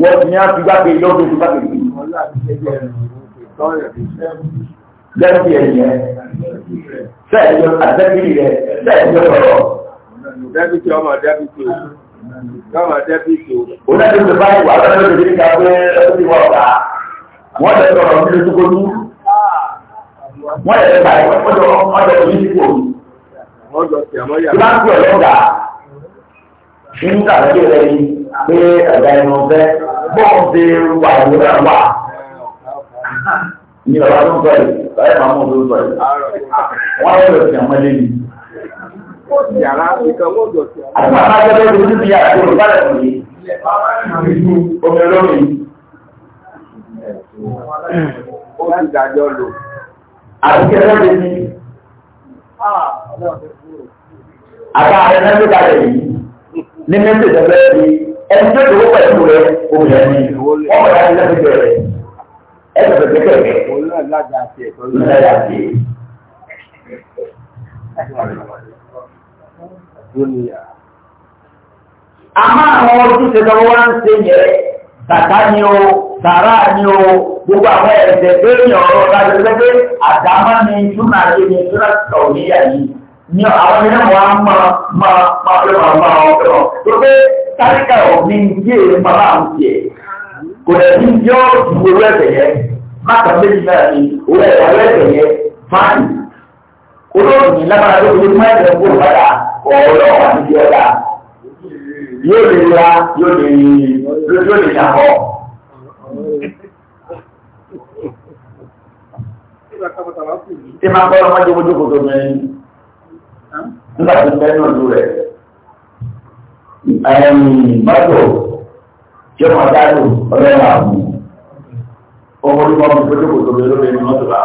wọ́n ti ní á ti gbákejì lẹ́sí ẹ̀yẹ sẹ́ẹ̀yọ àtẹ́bìrì rẹ̀ sẹ́ẹ̀yọ ọ̀rọ̀. dẹ́bìtì ọmọ dẹ́bìtì ọmọ dẹ́bìtì. onídàájọ́ báyìí wà lọ́dọ̀ lórí nígbà pé ẹbí wà ọ̀gá wọ́n lè sọ̀rọ̀ nílé tó kọjú wọ́n lè gbà ẹ̀ ọjọ́ ọjọ́ ìdíkò. ìbá ń pè ọ̀rọ̀ ọ̀gá nígbà tó rẹ̀ yìí pé ẹ̀dá ẹnu ọ̀fẹ́ bọ́ọ̀ ṣe wà lórí àwọn wà ní ọ̀rọ̀ àdúgbò yìí láyé máa mú òdòdó ẹ̀. Wọ́n á rẹ̀ sí àmọ́lé ni. Àti máa máa jẹ́ lórí ojú ìyá àti olùbálẹ̀ fún mi. Omi olómi. Ó ti dàjọ́ lò. Àti kẹ́kẹ́ lè ní. Àti ààrẹ náà ló kalẹ̀ yìí. Ní mẹ́sì ìjọba ẹni tó dòwó pẹ̀lú rẹ̀ obìnrin ni. Wọ́n mọ̀ láti lẹ́sìn bẹ̀rẹ̀ ẹ lọ bẹ̀rẹ̀ bẹ̀rẹ̀. òun náà lájà sí ẹ̀ tọ́jú lájà sí ẹ̀. àmọ́ àwọn ojúṣe tó wá ń ṣe yẹ tàtà ni o tàrà ni o gbogbo àwọn ẹ̀sẹ̀ tó ń yàn ọ̀rọ̀ láti lẹ́gbẹ́ àdámọ́ ni túnà yé ni túnà tọ̀wéyà yìí ni àwọn ẹ̀rọ wa máa máa máa fẹ́ máa máa tó pé táríkà ò ní máa ń tiẹ̀ kò lè ní yọ owó ẹ̀fẹ̀ yẹn máta méjì náà ni owó ẹ̀fẹ̀ ẹ̀fẹ̀ yẹn fáàlì olóògùn lábára tó fi máa ẹ̀fẹ̀ kó padà ọ̀ọ́lọ́ àti ọ̀dà yóò lè ra yóò lè yóò lè ṣàkọ́. Tí máa ń bọ́ ọmọdé mojú kò tó mẹ́rin nígbà tí ń bẹ́ẹ̀ náà lù rẹ̀. Báyọ̀ yóò máa dájú ọlọ́run àbú ọmọ orí wọn gbogbo tó kòtò lórí ẹni mọ́tò bá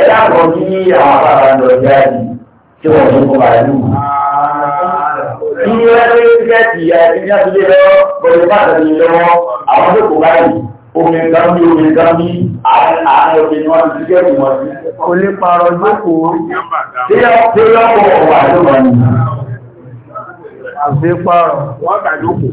ẹ dákọ̀ kí àwọn bàbá ń lọ jáde tí wọ́n tún kọ́ bàrẹ̀ nù. kí ni wọ́n lé tíkẹ́ẹ̀tì àti ní àtúndé lọ́wọ́ bọ̀dé bá àtàlẹ́ yìí lọ́wọ́ àwọn tó kò báyìí omi nǹkan bí omi nǹkan bí àárín òkè ni wọ́n ti tíkẹ́ẹ̀tì wọn sí. kò lè parọ́ jókòó. tí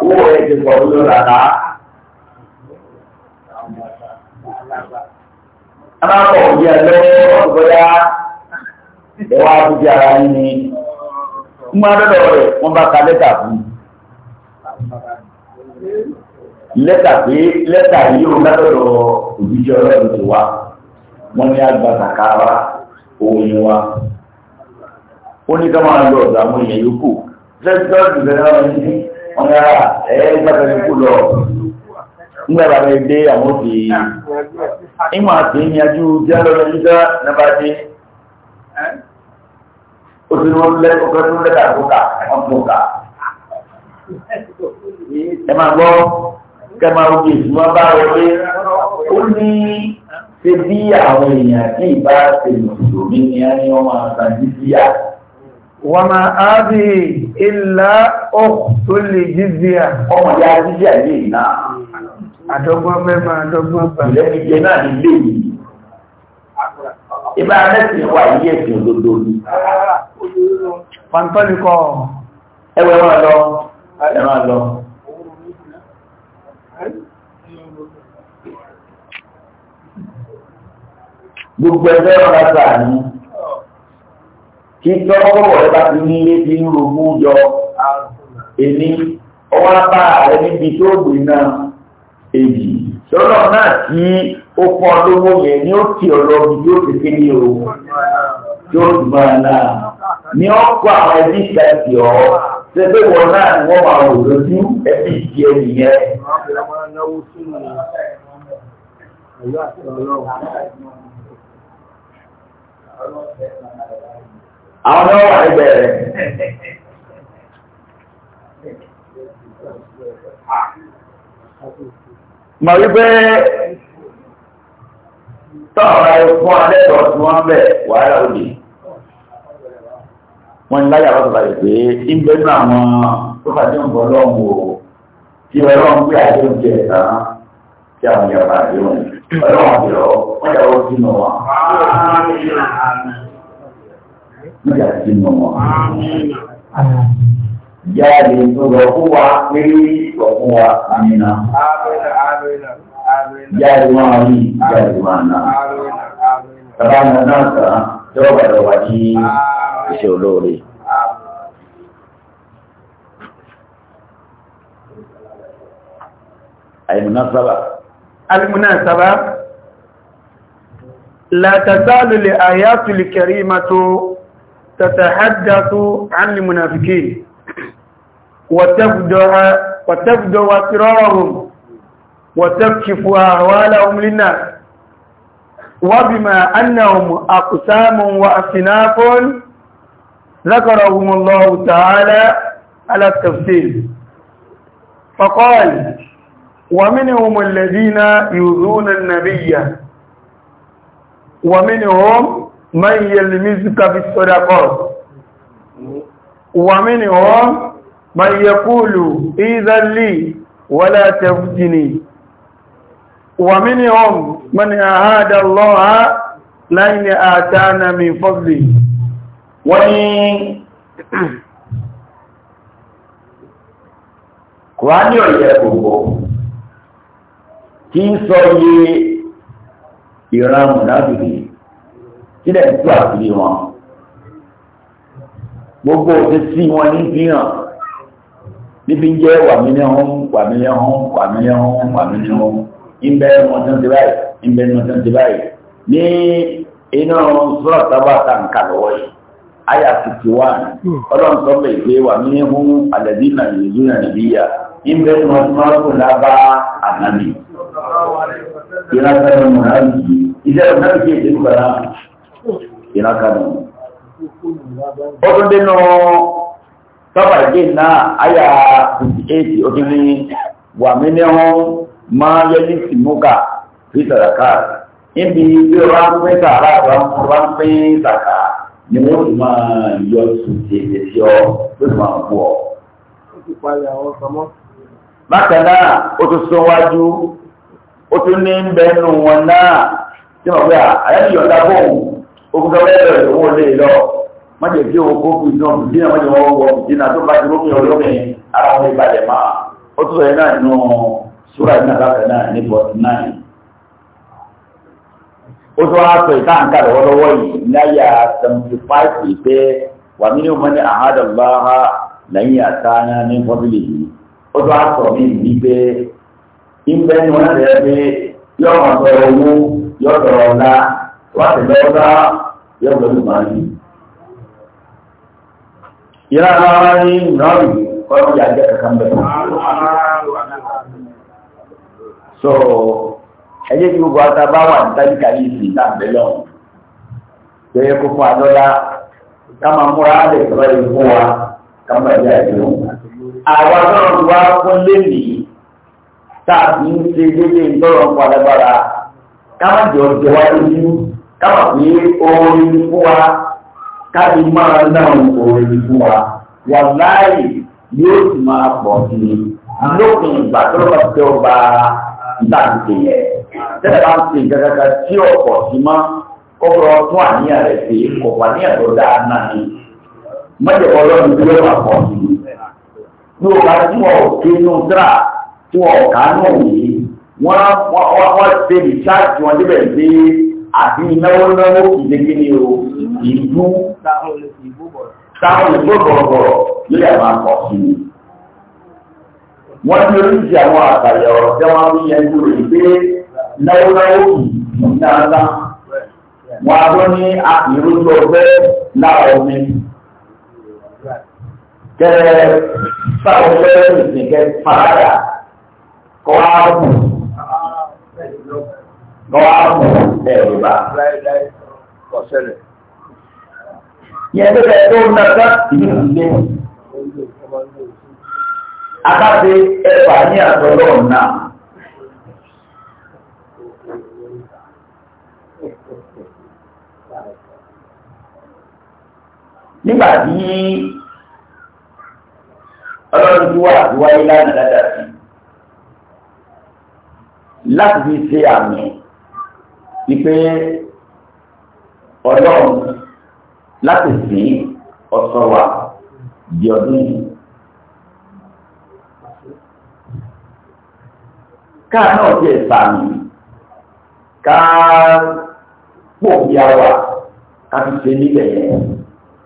owó rẹ̀ ti pọ̀ lọ rárá. a máa pọ̀ òbí ẹgbẹ́ ọ̀gbọ́dá ẹwà àbújá ara ní mú adọ́dọ̀ rẹ̀ wọ́n bá ka lẹ́tà fún lẹ́tà pé lẹ́tà yìí ó látọ̀dọ̀ òbíjẹ́ ọlọ́run ti wá wọ́n ní agbàtàkà wa òun wa ó ní ká máa lọ ọ̀dọ̀ àwọn èèyàn yòókù lẹ́tà ìgbẹ́ra ọ̀rọ̀ yìí wọn yára ah, ẹ gbàgbé mi kú lọ nígbà bàbá mi dé àwọn òbí ìmọ̀ àti ìyanjú jẹ́ lọ́dọ̀ yíjá nàbà dé ó ti ní wọ́n lẹ́ ọkọ̀ tó lẹ́ka tó kà wọ́n tó kà ẹ máa gbọ́ kẹ máa wọ́n yìí wọ́n bá wọlé ó ní ṣe bí àwọn èèyàn tí ìbá ṣe lòdò ní ni a ní wọ́n máa san jíjíyà wàmà ábì ilá ọ̀tò lè jízíà ọmọ ya jízíà lè náà àdọ́gbọ́n mẹ́mà àdọ́gbọ́n bà lẹ́gbẹ̀ẹ́ náà ní lè yìí ibá rẹ̀sì wà yí ẹ̀sìn òdodo ní pàntọ́lùkọ́ ẹwẹ́ wọn lọ ẹ̀rọ lọ gbogbo ẹgbẹ́ ọ̀rọ̀ sáà ní kí tọ́wọ́ rẹ̀ bá ti ní ilé tí ń rògbò yọ èmi ọwọ́ apá rẹ̀ níbi tó gbé náà èyí lọ́nà náà tí ó pọ̀ lówó yẹn ni ó ti ọ̀rọ̀ bí yóò ti fi ní o yóò ti máa náà ni ó kọ àwọn ẹbí ìgbàgbé ọ́ sẹ́gbẹ́ wọn náà ni wọ́n máa wò lójú ẹbí ìdí ẹni yẹn. Thank you àwọn náà wà níbẹ̀ rẹ̀. mọ̀ wípé tọ́ọ̀rọ̀ ẹ̀fún alẹ́tọ̀ọ́ tí wọ́n bẹ̀ wàhálà òdì wọ́n ní láyà lọ́sọ̀rọ̀ rẹ̀ pé ń bẹ́ àwọn tó bá jẹ́ nǹkan lọ́hùn o tí ọlọ́run pé àjọ jẹ ẹ̀sán tí àwọn ìyàwó àjọ wọn ọlọ́run àjọ wọn yàwó sínú wọn nígbà tí mo mọ̀. Ìyá rẹ̀ tó lọ fún wa lérí ìgbọ̀ fún wa àmìnà. Ìyá rẹ̀ máa rí ìyá rẹ̀ máa nà. Bàbá mi náà tàn tí ó bàdọ̀ wá ní iṣẹ́ olóore. Àìmùná sábà. Àìmùná sábà. La tazalu li ayatul karimatu تتحدث عن المنافقين وتبدو وتفدع اسرارهم وتكشف اهوالهم للناس وبما انهم اقسام واصناف ذكرهم الله تعالى على التفسير فقال ومنهم الذين يؤذون النبي ومنهم man yalmizuka fi sadaqat wa minhum man yaqulu idhan li wala taftinni wa minhum man ahada Allah lan atana min fadlihi wa kùránì ọ̀yẹ́ gbogbo kí ń sọ yé ìran mùnábìrì sílẹ̀ ń tú àṣírí wọn gbogbo òṣè sí wọn ní fihàn níbi ń jẹ́ wàmílẹ́hún wàmílẹ́hún wàmílẹ́hún wàmílẹ́hún ìbẹ́ ọdún ti báyìí ìbẹ́ ọdún ti báyìí ní inú sọ́rọ̀ tábà tá n kà lọ́wọ́ yìí àyà sixty one ọlọ́run sọ pé ìpè wàmílẹ́hún àlẹ́dí nàìjíríà náà nìbíyà ìbẹ́ ọdún ọdún lábá ànábì ìrántí ọdún mọ̀nà yìí iṣẹ́ ọ̀nà yìí ti ìránkàdì ó tún dénú sọ́fà náà 58 ó tún ní wà mí ní wọn máa yẹ ní tìmúkà fi sàràkà níbi bí ó rán pín sàrà rán pín sàkà ni wọ́n ti máa yọ sí ọ tó máa ọ. bákan náà ó tún sún ogun tó bẹ́ẹ̀ bẹ̀rẹ̀ owó lè lọ mọ́jẹ̀ kí owó kó kú ìdán ìdínà mọ́jẹ̀ wọ́n wọ ìdínà tó bá ti rókè olómi ara wọn ìbalẹ̀ máa ó tún sọ̀rọ̀ náà nínú súra ìdínà láfẹ̀ náà ní forty nine ó tún wá sọ ìta nǹkan lọ́wọ́lọ́wọ́ yìí láyà seventy five ìpẹ́ wà mí ní ọmọ ní àhádọ́gbáha lẹ́yìn àtàyà ní fọ́bìlì yìí ó tún وحدونا يوم المعين يا عين نبي قالوا يا جاك كم بس so ẹjẹ́ kí gbogbo ata bá wà nítàlíkà yìí sí ìtàbẹ̀ lọ tó yẹ kó fún adọ́lá ká máa múra lè tọ́ ẹ fún wa ká máa yá ẹ̀dùn àwa náà wá fún lẹ́nìí tá a ń ṣe déédéé ń ń padà ká má jọ jọ wá lójú káwà pé orin fún wa káàdì máa náà orin fún wa wà láàyè yóò sì máa pọ̀ sí i lópin ìgbà tó lọ́wọ́ tí ó bá ìtàkùn yẹn tẹ́lẹ̀ bá ń ṣe gàgàgà tí ọ̀pọ̀ sí mọ́ kọ́kọ́rọ́ tún àníyàn rẹ̀ sí kò wà ní ẹ̀rọ dáadáa ni mọ́jọ̀kọ́ lọ́dún tí wọ́n wà pọ̀ sí i bí o bá tí wọ́n ké nù tíra tí wọ́n kà yìí wọ́n wọ́n ṣe ìṣáàtì wọn débẹ̀ dé àbí náwọ́náwó ìdégé ní o ìlú táwọn ìgbóbọ̀rọ̀bọ̀rọ̀ ló yà máa kọ̀ sí i. wọ́n ní oríṣi àwọn àtàyà ọ̀rọ̀ tí wọ́n ń yẹnu rẹ̀ pé náwọ́náwó ìlú náà wọ́n á ní àpéròjọ ọgbẹ́ láàrọ̀ mi. kẹ́ẹ̀ sáwọn ọgbẹ́ ìsìnkẹ́ fàáyà kọ́ lọ́wọ́ àpò ẹ̀rù bá. Yẹn tó bẹ̀rẹ̀ tó ná ká ìlú ilé. Akáfe ẹ̀fà ní àtọ́lọ́ náà. Nígbà tí ọlọ́run ti wà wáyé lánàá dáadáa sí láti fi ṣe àmì ipe ọlọ́run láti sí ọ̀sọ̀ wa di ọdún yìí. káà náà jẹ́ ìsàmì káà pò bí a wà ká fi ṣe níbẹ̀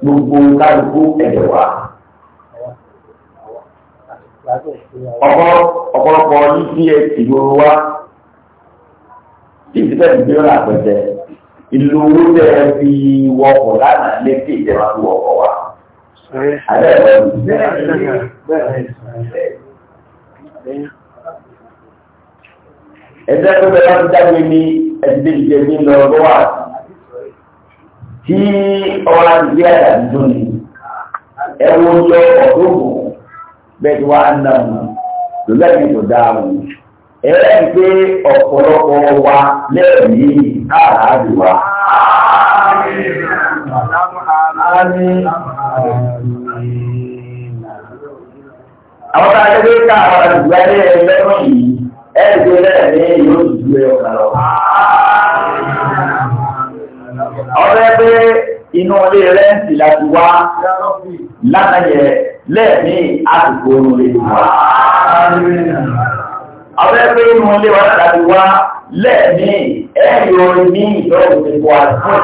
gbogbo kálukú ẹ̀dẹ̀ wa. ọ̀pọ̀lọpọ̀ yìí sí ẹ̀ tìgboro wa tí ìdílé ìgbé ọ̀rọ̀ àpẹẹrẹ ìlú owó tẹ ẹ fi wọkọ̀ lánàá lé kí ìjọba fi wọkọ̀ wá. Àlẹ́ ẹ̀rọ ẹ̀dẹ́ tó bẹ́ẹ̀ láti dágbé ní ẹ̀dẹ́ ìjẹ́ ní lọ lọ́wọ́ tí ọlá ti gbé àyà dùn ní ẹwọ́n lọ ọ̀dọ́ bẹ́ẹ̀ tí wọ́n á nà wọn lọ́lẹ́yìn tó dáa wọn. ẹ̀rẹ́ pé ọ̀pọ̀lọpọ̀ wa lẹ́ẹ̀mí àràádù Àwọn tá a pé káàkiri àdùgbà ní ẹni lẹ́nu yìí, ẹni tó lẹ́ẹ̀mí yóò ju ẹ pé inú láti wá àwọn ẹgbẹ́ inú ilé wa láti wá lẹ́ẹ̀mí ẹ̀rì orin ní ìjọ́rò ìpò àdúgbò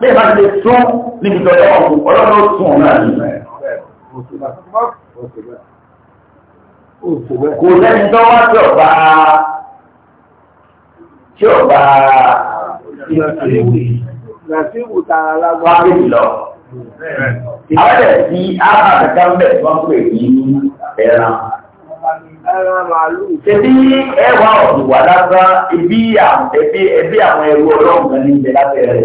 Bí ìbá ti lè tún níbi ìjọba ọ̀pọ̀ ọlọ́run ó tún Kò lẹ́ni tó wá tí ọba tí ọba ìwé. Nàìjíríà tààrà lágbàá. Wá bí Àwọn ẹ̀ tí ápá kẹta ń bẹ̀ wọ́n pè ní ẹran. Ṣé bí ẹwà ọ̀dùn wà lásán ibi ẹbí àwọn ẹrú ọlọ́run kan ní ìbẹ̀ lábẹ́ rẹ̀?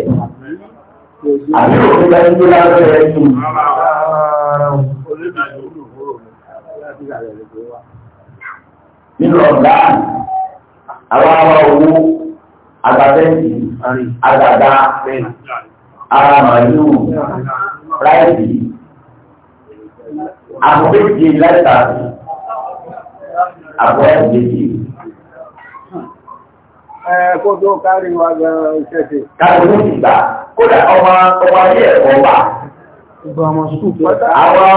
Àbí òun bá ń gbé lábẹ́ rẹ̀ nù. Nínú ọ̀gá àwọn àwọn owó àgbàbẹ́ǹtì àgbàdá ara màálù ráìdì àpòméjì lẹ́tà àpòméjì. Kó tó kárí wa gan ìṣẹ́ṣe. Kárí ló ti gbà, kódà ọmọ ọmọ ilé ẹ̀kọ́ wà. Àwọn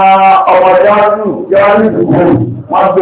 ọmọ Jọ́nù Jọ́nù dùkú wọ́n tó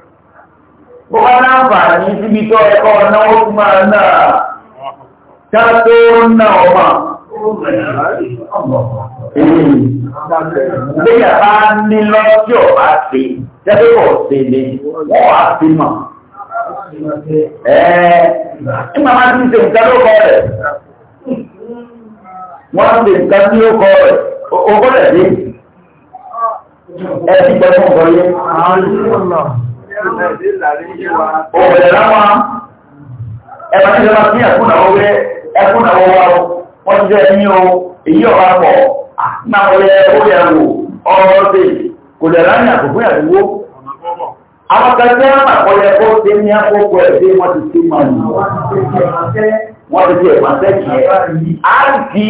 bó bá láǹfààní síbi tó ẹ̀kọ́ náwó tó máa náà ká tó náà ọmọ Béyà bá ní lọ́jọ́ bá ṣe, jẹ́bẹ́ pọ̀ ṣe lè wọ́n wá sí mọ̀. Ẹ̀ẹ́ ìgbà máa ti ṣe nǹkan ló kọ́ rẹ̀. Wọ́n ṣe nǹkan tí ó kọ́ rẹ̀, ó rẹ̀ dé. Ẹ ti gbẹ́ òwèrè láwọn ẹ̀rọ tí lọ́wọ́ sí ẹ̀kúnnàwó wá o wọ́n ti jẹ́ ẹni o èyí ọ̀rọ̀ pọ̀ náà orí ọ̀rọ̀ kò àkókò àwọn kẹjẹ́ kó ní àkókò ẹ̀dẹ́ wọ́n ti nù wọ́n ti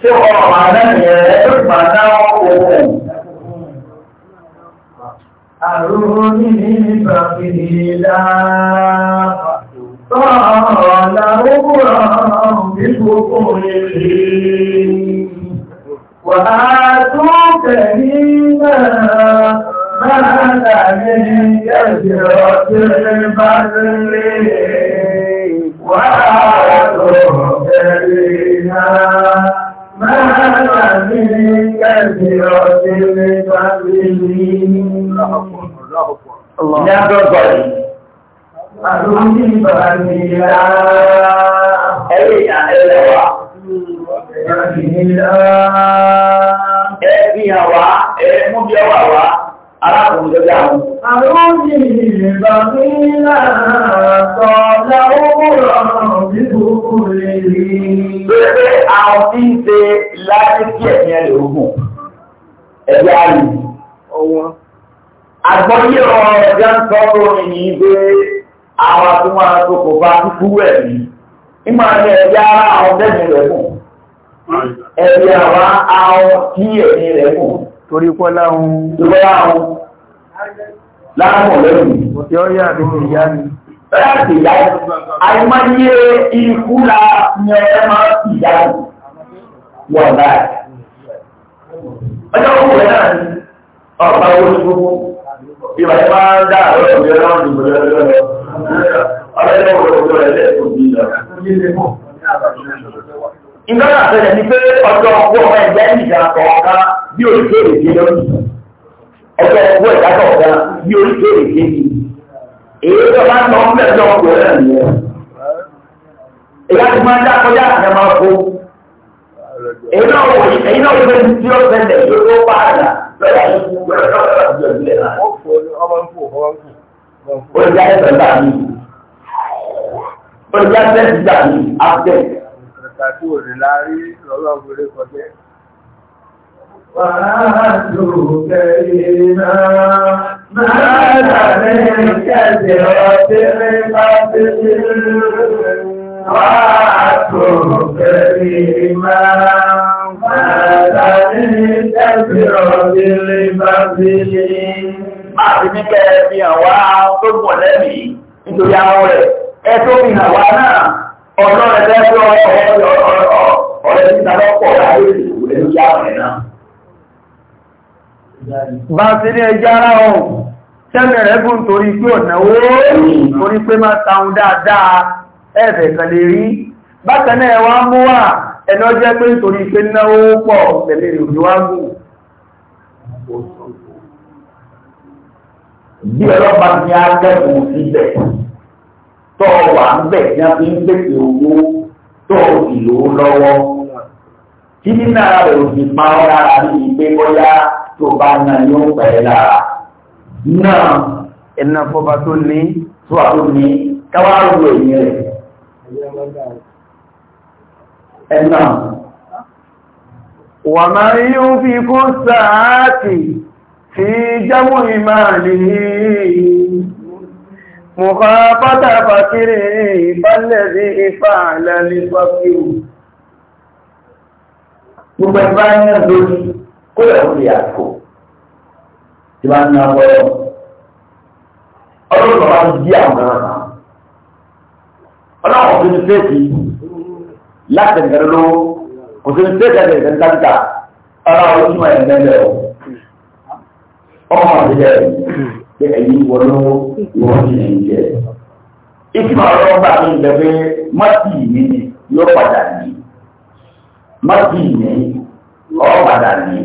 tí ọ̀rọ̀ àná yẹn ló gbà dáwọ́ òun. Àrùn nínú ìbàkìrì láàbà tọ́ọ̀rọ̀ lárúgbùrọ̀ bíbò kò lè rí. Wà Máa ní kẹ́sì ọdí ní Bábílì arákùnrin lọ́jà àwọn. Àwọn òṣìṣẹ́ ìbàmí náà sọ láwọ́wọ́rọ̀ ní gbogbo rẹ̀ rí. Bẹ́ẹ̀ bẹ́ẹ̀ àwọn tí ń ṣe láti kí ẹ̀mí ẹ̀ lóògùn, ẹ̀bí àlè. Ọwọ́. Àgbọ́yé ọ̀rọ̀ ẹ̀já ń sọ lórí ní pé àwọn tó máa tó kò bá kúkú ẹ̀mí. Nígbà ní ẹ̀bí ara àwọn bẹ́ẹ̀ rẹ̀ kù. Ẹ̀bí àwa àwọn tí ẹ̀mí rẹ̀ kù torí pọ́ láhun láàpọ̀ lẹ́yìn yọ́ yà ní ìyá ni láti ìyá àìmáyé ìkúlà yẹn máa ìyá wọ̀n láì ọjọ́ òkú ẹ̀ náà ọ̀pá owó ní gbogbo ìwà ẹ̀ máa ń dá àwọn ọ̀dọ́ ọ̀dọ́ ọ̀dọ́ ọ̀dọ́ ọ̀dọ́ ọ̀dọ́ ọ̀dọ́ ọ̀dọ́ ìgbọ́nà àtẹ̀lẹ̀ ni pé ọjọ́ ọgbọ́n ẹgbẹ́ ìjà ọ̀gá bí oríkèèrè kí lọ ọjọ́ ọgbọ́ ìdájọ́ ọ̀gá bí oríkèèrè kí ni èyí tó bá tọ́ ọ́n lẹ́jọ́ ọ̀gbọ́ náà nìyẹn èyí á ti máa ń dá kọjá àti máa kó èyí náà wò ní èyí náà wò ní tí ó fẹ́lẹ̀ yóò tó bá àgbà lọ́yà yìí lọ́yà yóò tó bá àgbà olùdí àìsàn gbà mí olùdí àìsàn gbà mí àfẹ́. وآتوا كينا ما لديك ذرة القتل وآتوا كينا ما لديك ذرة القتل Máàrí ní kẹ́ fi hàn wá tó gùn lẹ́mìí nítorí àwọn rẹ̀. Ẹ tó fi hàn wá náà, ọ̀nà ẹ̀lẹ́gbẹ́ ọ̀rẹ́ ìdálọ́pọ̀ láyé ìwé ló yá ọ̀rẹ́ náà bá ti ní ẹjá ara ọ̀hún tẹ́lẹ̀ rẹ̀ gùn torí pé ọ̀nà owó torí pé máa taun dáadáa ẹ̀fẹ̀ kan lè rí bákan náà wá mú wà ẹ̀nà jẹ́ pé nítorí pé náwó pọ̀ tẹ̀lé ìròyìn wá gùn bí ọlọ́pàá ní akẹ́kọ̀ọ́ síbẹ̀ tọ́ wà ń bẹ̀ ní a fi ń pèsè owó tọ́ ìlò lọ́wọ́ kí nínú ara rẹ̀ òsì pa ọ́ lára bí ìgbé bọ́yá tó bá na yóò pẹ̀lẹ́ lára náà ẹ̀nà fọba tó ní tó àtó ní káwàá rò èyí rẹ̀ ẹ̀nà wà máa yóò fi kó sàáàtì fi jámù ìmáàlì mùkàpátà fàkiri ìbálẹ̀ sí ifá àlàlẹ́ fàkiri gbogbo ẹgbẹ́ ẹ̀yàn lórí kó lè wọ́n lè àsìkò tí wọ́n á ná wọ́ọ́ ọlọ́run bàbá ń di àwọn náà náà ọlọ́run ọ̀sẹ̀ ní fẹ́ẹ̀sì láti ẹ̀gbẹ̀rẹ̀ lówó kò sí ní fẹ́ẹ̀sì àti ẹ̀gbẹ̀rẹ̀ kápítà ọlọ́run ọdún ìmọ̀ ẹ̀gbẹ̀rẹ̀ ọ̀ ọmọ àbílẹ̀ pé ẹ̀yìn wọ lówó wọ́n ti ẹ̀yìn jẹ́ ìtumọ̀ ọlọ́run bá mi lẹ pé mọ́tì mi yóò padà ní mọ́tì mi ọ̀ padà ní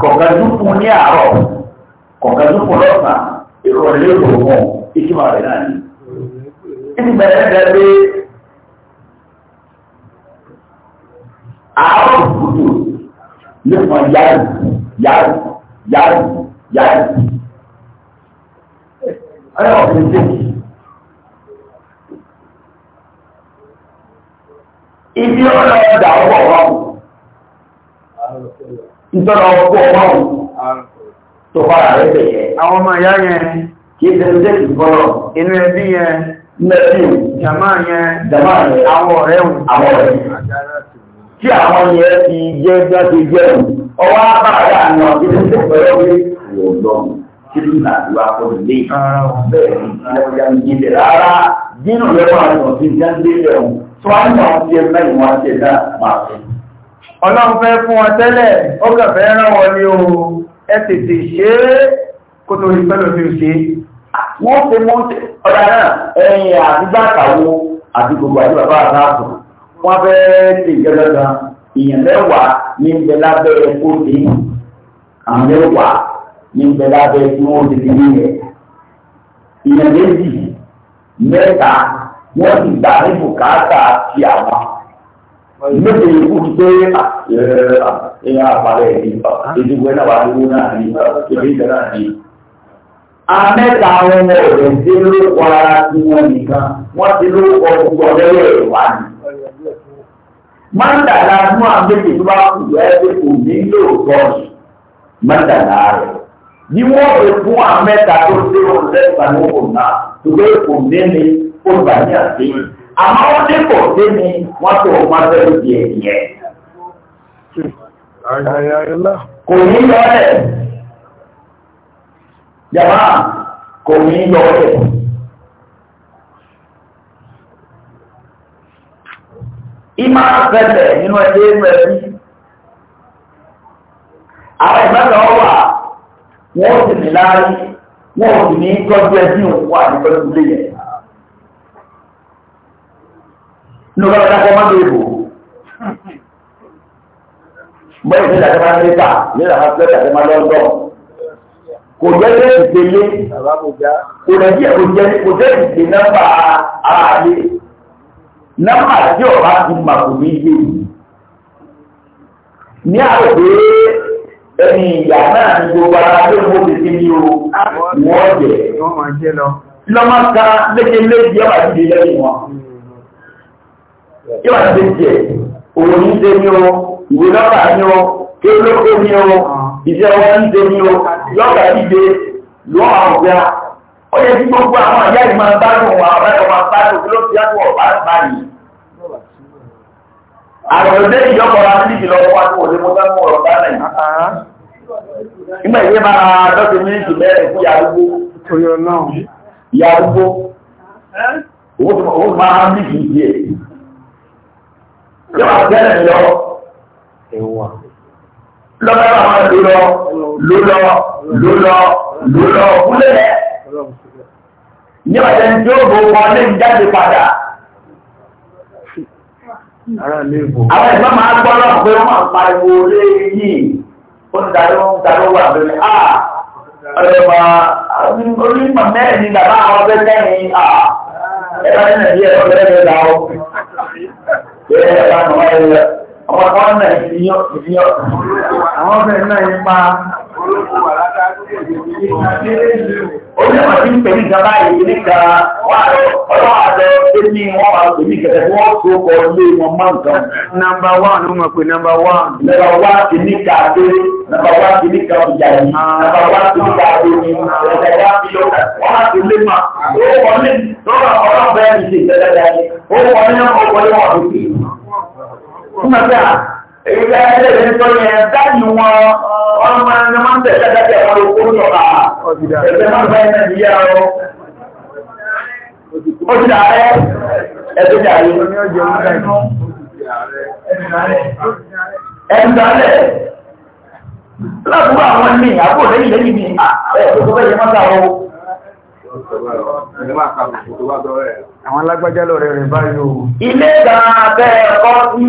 kọ̀ọ̀kan dúkùn ní àárọ̀ kọ̀ọ̀kan dúkùn lọ́sàn ìrọ̀lẹ́ òògùn ìkímà rẹ̀ náà ni. títí bẹ̀rẹ̀ bẹ̀rẹ̀ pé àárọ̀ kùtù nípa yáàrù yáàrù yáàrù yáàrù. ọ̀rẹ́ ọ̀sẹ̀ tẹ̀kì ibi ọ̀rọ̀ ọ̀dà ọ̀pọ̀ ọ̀pọ̀ ìtọ́nà ọkọ̀ ọmọ́rùn tó fara rẹ̀ bẹ̀yẹ. Àwọn ọmọ ìyá yẹn kìí tẹ́lú tẹ́lú bọ́lọ̀. Inú ẹbí yẹn, mẹ́bí, jàmá yẹn, jàmá yẹn, àwọn ọ̀rẹ́ wù. Àwọn ọ̀rẹ́ tí àwọn yẹn ti jẹ́ jẹ́ ti jẹ́ wù. Ọwọ́ bàbá àná kìí tẹ́lú pẹ̀lú pé wò lọ́n kí ló nà lọ akọni lé. Bẹ́ẹ̀ ni ìlẹ́kọ̀ọ́jà ń jí lẹ̀ rárá. Jínú lẹ́wọ̀n àti ọ̀sìn jẹ́ ń lé lẹ̀ wù. Tí wọ́n ń ọlọ́run fẹ́ fún wọn tẹ́lẹ̀ ó kẹfẹ́ rán wọn ní o ẹ tètè ṣe é kó tó rí pẹ́lú mi ò ṣe wọ́n fi mú ọ̀dà náà ẹ̀yìn àdúgbàkàwò àti gbogbo àti bàbá àtàkù wọ́n fẹ́ ti gẹ́gẹ́gẹ́ èèyàn mẹ́wàá ní ìgbẹ́ lábẹ́ ẹ̀kọ́ àwọn mẹ́wàá ní ìgbẹ́ lábẹ́ tí wọ́n ti fi nílẹ̀ èèyàn méjì mẹ́ta wọ́n ti gbà ní bùkátà àti àwọn méje ikú ti pé ẹ̀yà àpàrẹ̀ ìdìbò ẹ̀nà wà ní náà ní ìdìbò ìdìbò náà ní. Amẹ́ta àwọn ọmọ ọ̀rẹ́ tí ló kọ ara tí wọ́n nìkan, wọ́n ti ló kọ gbogbo ọ̀rẹ́wẹ̀ wà ní. Mọ́ndàlá mú àgbẹ̀tẹ̀ tó bá kù ẹ́ẹ́dẹ́ kò ní lóòótọ́ ni. Mọ́ndàlá rẹ̀. Ní wọ́n rẹ̀ fún àmẹ́ta tó dé òun lẹ́gbàá òun náà, tó gbé òun ní ní òun bà ní àdéhùn àmọ́ wọ́n dé pọ̀ dé ní wọ́n tó wọ́n fẹ́ ló di ẹ̀yẹ. kò ní yọ ẹ̀ yàrá kò ní yọ ẹ̀. ìmá fẹ́lẹ̀ nínú ẹgbẹ́ ẹgbẹ́ àwọn ìgbàgbọ́ wà wọ́n sì ní láàrín wọ́n sì ní tọ́jú ẹbí òun wà ní ní ọba ọ̀dà kọ́ máa ń bò bọ́ọ̀lù ní ìdájọ́ máa ń rí ta ní ìdájọ́ máa ń fẹ́ tàbí máa lọ́ńdọ̀ kò jẹ́ jẹ́ ìpele kò lè jẹ́ kò jẹ́ kò jẹ́ ìpè nọ́mbà ààrẹ nọ́mbà tí ọba ti mà kò ní yé yìí ní àwòrán ẹni ìyá náà ní gbogbo ara tó ń bó ti ti ní o wọ́n jẹ́ lọ́mọ yóò wá ṣe jẹ òun ní ṣe ní o ìwé ní o kéwòlókè ní o ìṣe ọwọ́ ní ṣe ní o lọ́ọ̀gá ìgbé lọ́ọ̀ ó yẹ kí gbogbo àwọn àyà ìmọ̀ wà kí ló fi á yìí. ní òde mọ́tà mú ọ̀rọ̀ bá náà nígbà ìwé máa dọ́kì mílíkì mẹ́rin fún ìyá yóò àgbẹ̀rẹ̀ lọ lọ́gbà àwọn lólọ lólọ lólọ lólọ kúlẹ̀ rẹ̀ yóò àjẹ́ tí ó bò kọ́ lé jáde padà àwọn ìgbà máa gbọ́ lọ pé wọ́n máa pariwo lé yìí ó ti darí wọn darí wọn àbẹ̀rẹ̀ à ọ̀rẹ́ ma orí mọ̀mẹ́rin ni bàbá àwọn ọ̀bẹ̀ lẹ́yìn à ẹ̀rọ ní nàìjíríà ọ̀rẹ́ mi là ó bẹ́ẹ̀ bá mọ̀ ẹ̀ àwọn ọmọ náà ìfìyàn àwọn ọmọ náà ń pa Onímọ̀ tí ń pè ní ìjọba yìí níta wà lọ àjọ tó ní wọ́n wà pè ní kẹ̀kẹ́ wọ́n tó kọ ilé wọn mọ́ nǹkan. Nọmba wán ló mọ̀ pé nọmba wán. Nọmba wán ti ní kàdé, nọmba wán ti ní kàbíyà yìí, nọmba wán ti ní kàdé ni, ẹ̀jẹ̀ fi yọ, wọ́n ti lé mà. Ó wọlé lọ́rọ̀ ọ̀rọ̀ bẹ́ẹ̀ ni ṣe ìtẹ́lẹ̀ èyí bí ayé lè ní sọ́yìn ẹ̀ dáàbì wọn ọlọ́mọ ẹni máa ń tẹ̀lé dáàbì àwọn olókòwò sọ̀rọ̀ ẹ̀fẹ̀ máa ń bá ẹni ìyá ọ. ó ti dàrẹ́ ẹ̀fẹ̀ dàrẹ́ ẹ̀fẹ̀ dàrẹ́ lábúgbà àwọn ní àbò lẹ́yìn lẹ́yìn ní ẹ̀ẹ́dọ́gbọ́ bẹ́ẹ̀ yẹ máa ta ọ. àwọn alágbájá o. ilé ìdáná abẹ́ ẹ̀kọ́ ní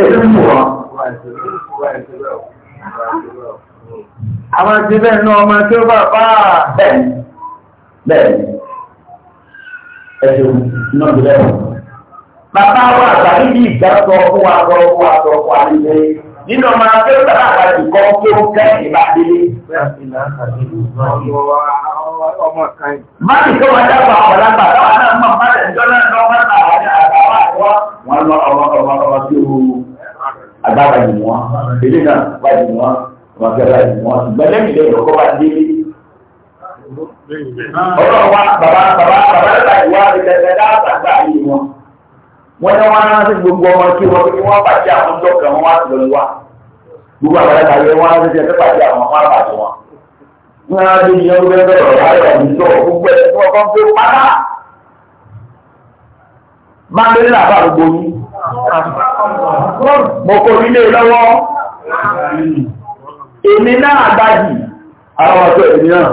èyí mú wọn. àwọn ti bẹ́ẹ̀ náà ọmọ tí ó bá bá bẹ́ẹ̀ bẹ́ẹ̀ ẹ̀sùn náà bí lẹ́wọ̀n. bàbá wa àgbàdì bí ìgbà sọ fún wa sọ fún wa sọ fún wa nílé nínú ọmọ tí ó bá àgbàdì kọ́ kí ó kẹ́ ìbá délé. Máàkì tó wá dábàá ọ̀pọ̀lọpọ̀ àwọn àmọ́ máa ń jọ náà lọ́wọ́ náà wọ́n lọ ọwọ́ ọwọ́ ọwọ́ tí ó agbára jù wọ́n ilé náà wá jù wọ́n wọ́n fẹ́ wá jù wọ́n ṣùgbọ́n lẹ́yìn lẹ́yìn ọkọ̀ wá dé. ọlọ́run wa bàbá bàbá bàbá lọ́la ìwà ìtẹ̀tẹ̀ dáàbà gbà yìí wọn. wọ́n ní wọ́n rántí gbogbo ọmọ kí wọ́n fi wọ́n bàjẹ́ àwọn ọjọ́ kan wọ́n wá sí lọ́lọ́ wa. gbogbo àgbàlagbà yẹn wọ́n rántí ọmọ Mándélé làbá gbogbo yìí. Mo kò nílé lọ́wọ́. Èmi náà gbájì, àwọn ọ̀tọ̀ èmi náà.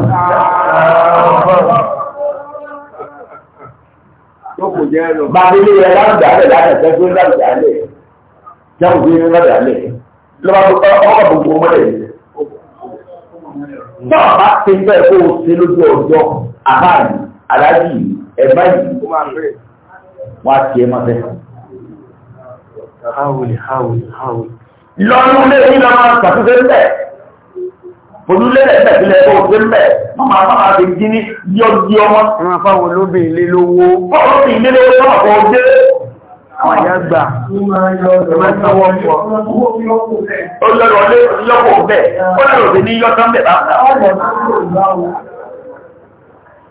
Mándélé rẹ̀ lágbàálẹ̀ látẹ̀ẹ́ tó lágbàálẹ̀. Jẹ́mù sí ní lágbàálẹ̀. Lọ́wọ́ ọkọ̀ gbogbo mọ́lẹ̀ yìí. Tọ́ọ̀ bá ti bẹ́ẹ̀ kó o sí lójú ọjọ́, àbáyìí, aláàjì, ẹ̀báyìí wọ́n á tiẹ̀ máa fẹ́. lọ́rùn lé ní lọ́mọ ṣàtúnṣe ńbẹ̀ pẹ̀lú lẹ́lẹ́gbẹ̀ tí lẹ́gbẹ̀ òṣè ńbẹ̀ máa máa fi jí ní yọjí ọmọ. ẹ máa fáwọn olóbìn ilé lówó. fáwọn olóbìn ilé lówó náà kò dé. àwọn àyà gbà. ẹ máa sanwó pọ̀. ó lọ́rọ̀ lé lọ́kọ̀ bẹ́ẹ̀ ó lọ́rọ̀ sí ní yọ́tán bẹ̀ bá.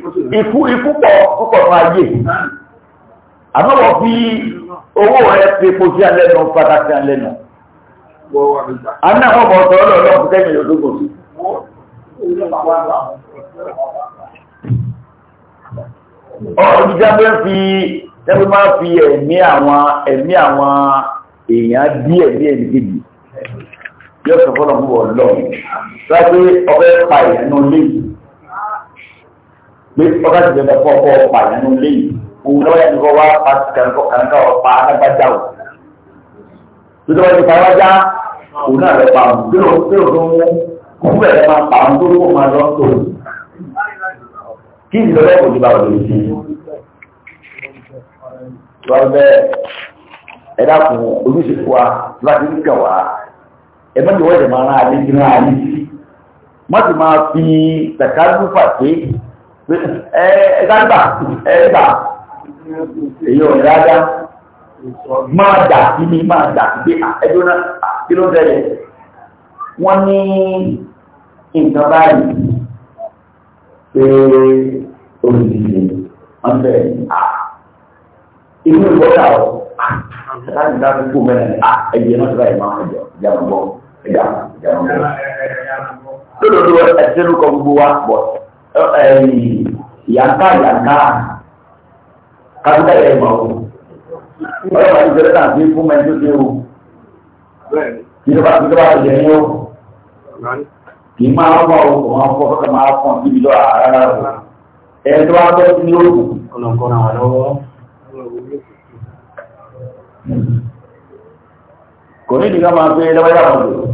ikú pọ̀ púpọ̀ fún ayé àmọ́wọ̀ fi owó rẹ̀ fi epo sí alẹ́nu padà sí alẹ́nu anáwọ̀ bọ̀ ọ̀tọ̀ ọlọ́ọ̀lọ́ fún kẹ́mi ìyọ̀dógò sí ọ̀rọ̀díjábẹ́ fi tẹ́bí máa fi ẹ̀mí àwọn ẹ̀mí àwọn èèyàn díẹ̀ díẹ̀ nìkejì yóò sọ fọ́nà fún ọ̀lọ́ láti ọ̀fẹ́ pa ìyẹn náà léyìí pé ọba ti bẹ̀rẹ̀ fọ́ ọkọ̀ ọ̀pá nínú ilé yìí òun lọ́wọ́ ẹni kọ́ wá kàńkọ́ kàńkọ́ ọ̀pá alágbájá o tuntun wọn ti pa wájá òun náà lọ pa òun gbèrò gbèrò tó mú kúkú ẹ̀rẹ́ máa pa òun tó kó máa lọ tó kí ìdílọ́wọ́ kò ní bá wọlé sí i lọ́wọ́ bẹ́ẹ̀ ẹ dákun ojúṣe fún láti ní kàn wá ẹ wọ́n ti máa rán adé kí rán adé sí máa fi tàkàlù fà pé ẹ̀ẹ́dàgbà ẹ̀ẹ́dà èyí ò dáadáa máa dà sí mi máa dà sí pé ẹjọ́ náà kí ló bẹ̀rẹ̀ wọ́n ní nǹkan báyìí pé olùdíje wọ́n bẹ̀rẹ̀ inú ìwọ́dà ọ̀ láti dá púpù mẹ́rin ẹ̀yẹ náà sọ́ra ìmọ̀ àwọn ìjọ ìjàmọ̀ bọ́ ìjàmọ̀ bọ́ lódodo ẹ̀sẹ̀ ló kọ gbogbo wa bọ̀ ìyàtà ìyàtà kápítà ìyà ìmọ̀ ọ̀hún ọ̀rọ̀ bá ti jẹ́rẹ́ náà fi fún mẹ́tò tí ó kí ló bá ti jọba ìjẹ yín ó kì í máa mọ̀ ọ̀hún kò máa fọ́ kọ́kọ́ máa fọ́n síbi lọ àárá rẹ̀ ẹ̀ tó wá bẹ́ sí ní òkú ọ̀nàkọ́nà wà lọ́wọ́ kò ní ìdíkà máa fẹ́ lọ́wọ́ yàtọ̀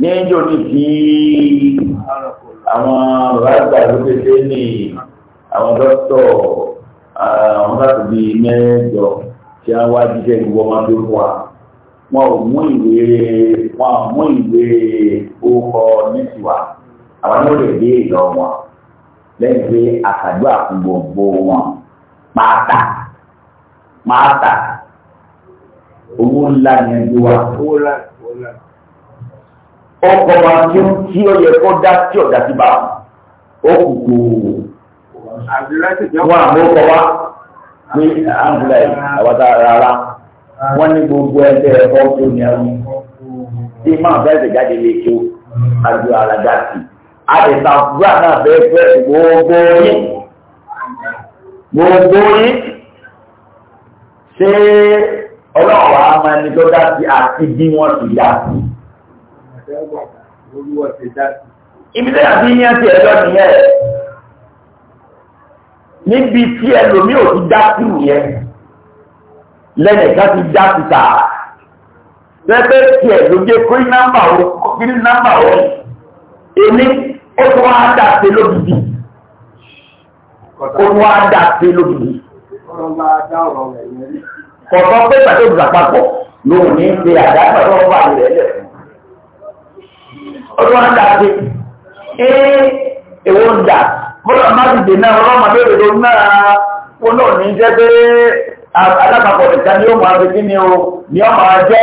ní ìjọ ní ti àwọn bàbá àgbà ló pèsè ní àwọn dókítọ̀ àwọn láti bí mẹ́jọ tí a wá jíṣẹ́ ìwọ máa tó fún wa wọn ò mú ìwé wọn ò mú ìwé orúkọ níṣìwà àwọn ní ó lè dé ìlọ wọn lẹ́yìn pé àkàdó àkùngbòǹgbò wọn pátá pátá owó ńlá ni ẹgbẹ́ wa owó ńlá ọkọ̀ máa tí ó tí ó yẹ kó dá tí ọ̀dá sí bá ó kù kò wọn àmú ọkọ̀ wá ní àǹgùlẹ̀ àwọ̀tá rárá wọ́n ní gbogbo ẹgbẹ́ ẹ̀kọ́ tó ní ẹrú tí máa bẹ́ẹ̀ sì jáde lè tó àjọ àràdá sí àdìsá fúlà náà bẹ́ẹ̀ fẹ́ gbogbo yín gbogbo yín ṣé ọlọ́wọ́ á máa tó dá sí àti bí wọ́n ti dá sí ibi tí àti yíyan ti ẹ̀rọ nìyẹn níbi tí ẹlòmíì ò ti dá sí nìyẹn lẹ́nìkan ti dá sí tààrà pẹ́pẹ́ tí ẹ̀ ló jẹ́ kó nọ́mbà ó kí ní nọ́mbà ó èmi ó tún wá dà sí lóbìbí ó tún wá dà sí lóbìbí. kọ̀ọ̀kan pé pàtó ìgbà papọ̀ lòun ní ṣe àdágbà tó ń wà ọdún wọn dà ee èwo ń dà bọ́lá ọ ti dè náà ọlọ́mọ bí náà wọn náà ní jẹ́ pé alápapọ̀ nìkan ni ó máa fi kíni o ni ó máa yóò ṣe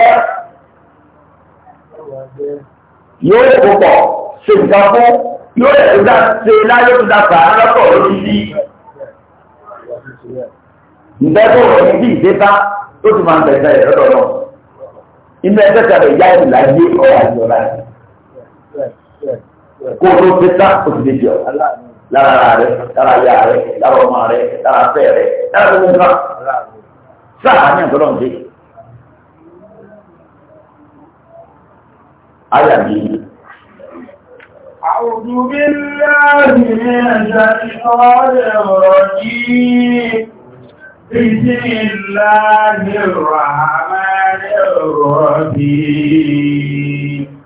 nǹkan fún yóò lè láyé lọ́pọ̀ bí tó ti máa bẹ̀rẹ̀ ẹgbẹ́ ìlú láyé ọ̀rọ̀ àjọ kó o tó ṣe tá o ti lè jọ lára rẹ lára ya rẹ lára ọmọ rẹ lára fẹ rẹ lára tó ń bá sáà ní àgbọ̀dọ̀ ń dé. Ayà mi. أعوذ بالله من الشيطان الرجيم بسم الله الرحمن الرحيم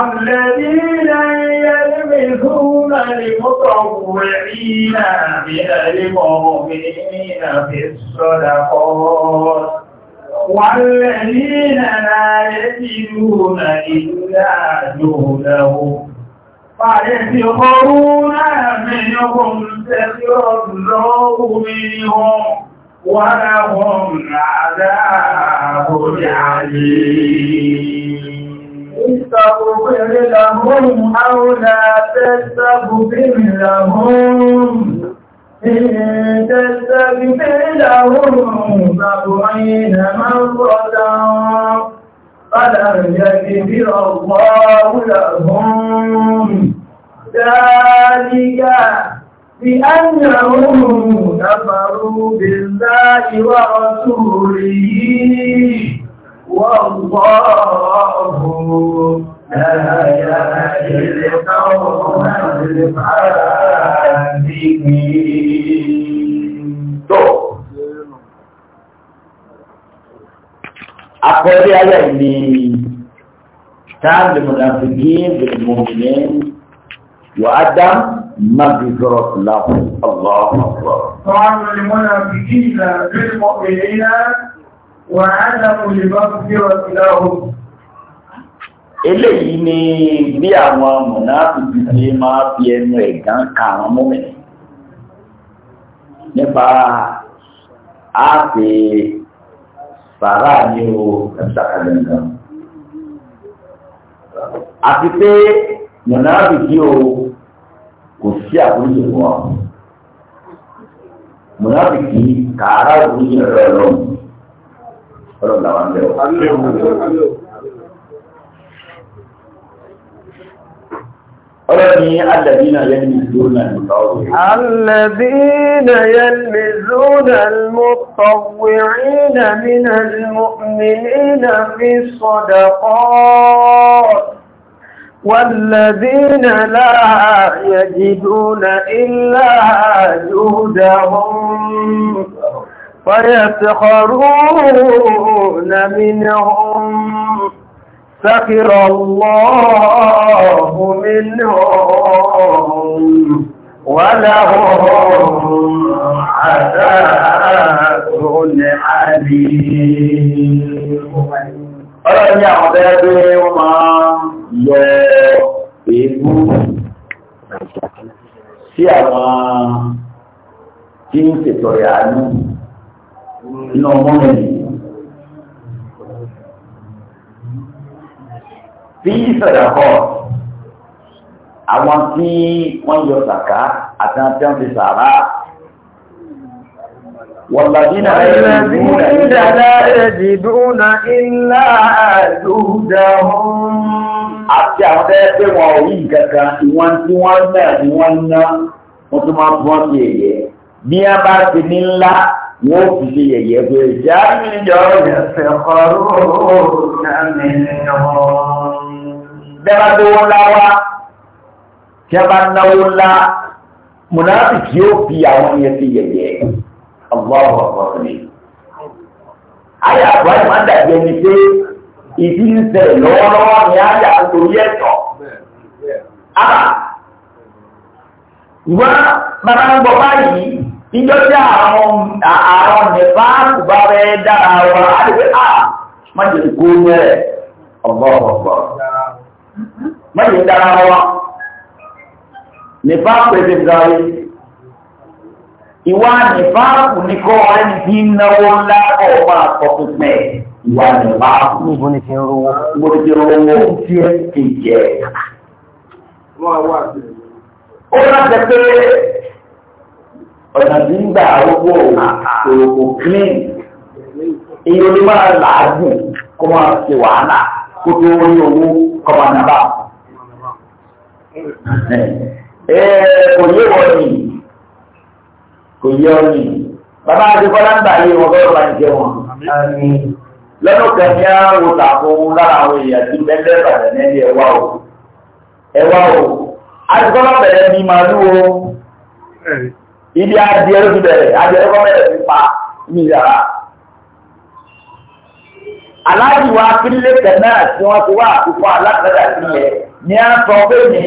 الذين يلمزون المطوعين من المؤمنين في الصدقات والذين لا يجدون إلا جهدهم فيسخرون منهم سخر الله منهم ولهم عذاب عليم استغفر لهم أو لا تستغفر لهم إن تستغفر لهم سبعين مرة فلن يكفر الله لهم ذلك بأنهم كفروا بالله ورسوله والله لا يهدي القوم الفاسقين Akọ̀rí ayẹ̀ ni táàbí mọ̀láfíkín bí mọ̀mìnín wà á الله مغفرة له الله أكبر. طبعا المنافقين بالمؤمنين وعلموا لمغفرة لهم eléyìí ni bí àwọn mọ̀náàtìkì ṣe máa fi ẹnu ẹ̀gán ka àwọn mọ́mìnì nípa ààfẹ́ sàárà ní o ẹ̀sàkàlẹ̀ nǹkan àti pé mọ̀náàtìkì o kò sí àkójọ wọn mọ̀náàtìkì kàárà òkúrò rẹ̀ lọ́wọ́ الذين يلمزون المطوعين الذين يلمزون المطوعين من المؤمنين في الصدقات والذين لا يجدون إلا جهدهم ويسخرون منهم سخر الله منهم ولهم عذاب أليم ọlọ́ni àwọn bẹ́ẹ̀ bí wọ́n máa ń yọ èébú sí àwọn tí ń ṣètọ̀rẹ̀ àánú iná ọmọ rẹ̀ nìyí. bí ìsọ̀dàkọ̀ àwọn tí wọ́n yọ sàká àti àwọn tí wọ́n fi sàrà والذين لا يجدون إلا جهدهم Àti àwọn tẹ́lẹ̀ pé wọn ò rí ìkẹta ìwọ̀n tí wọ́n náà ni wọ́n ná, wọ́n tún máa fún ọ́n sí èyẹ. Bí a bá ti ní ńlá wọ́n fi ṣe yẹ̀yẹ́ pé ìjà níjọ́ ìyẹ̀fẹ̀ kọ́rọ́ nàmì ọ̀hún. Dábà tó wọ́n láwá, tí a bá náwó ńlá, Mùnáàbì kí ó fi àwọn yẹn fi yẹ̀yẹ́. Ọgbọ́n ọ̀gbọ́n ni. Ayé àgbà yìí máa ń dàbí ẹni pé ìdí ń ṣẹlẹ̀ lọ́wọ́lọ́wọ́ ni ayé àtòrí ẹ̀tọ́. Àbá, ìwọ́n máa ń gbọ́ báyìí. Ìjọ tí àwọn nìfà kò bá rẹ̀ dára wọn, a lè pé à má jẹ́ kó mẹ́rẹ̀ ọ̀gbọ̀ọ̀gbọ̀. Má jẹ́ dára wọn. Nìfà pèsè gàrí. Ìwà nìfà kù ní kọ́ ọ̀rẹ́ ní kí náwó ńlá ọ̀pá àkọ́kùnpẹ̀. Ìwà nìfà kù. Níbo ni ti ń rówó? Níbo ni ti ń rówó? Tí ẹ ti jẹ. Wọ́n á wà sí. Ó rántẹ pé ọ̀nà tí ń gbà arúgbó òkòkò clean iye orí máa làágùn kó máa ṣe wàhálà kó tó rí owó kọba nàbà kò yé wọ́n ni kò yé wọ́n ni bàbá adékọ́lá ń gbà yé wọn bẹ́ẹ̀ bá ń jẹ wọn lọ́nà kẹ́ni á wò tààkùn lára àwọn èèyàn tí bẹ́ẹ̀ bàtẹ̀ nẹ́ni ẹ̀wá o ẹ̀wá o adékọ́lá bẹ̀rẹ̀ ní màálù o ibi adìẹ ló ti bẹ̀rẹ̀ adìẹ ló kọ́ bẹ̀rẹ̀ sí pa ní yàrá. aláàjì wa kílé kẹ̀nà tí wọ́n ti wá àkókò alákàdá sí yẹ ní a sọ pé ní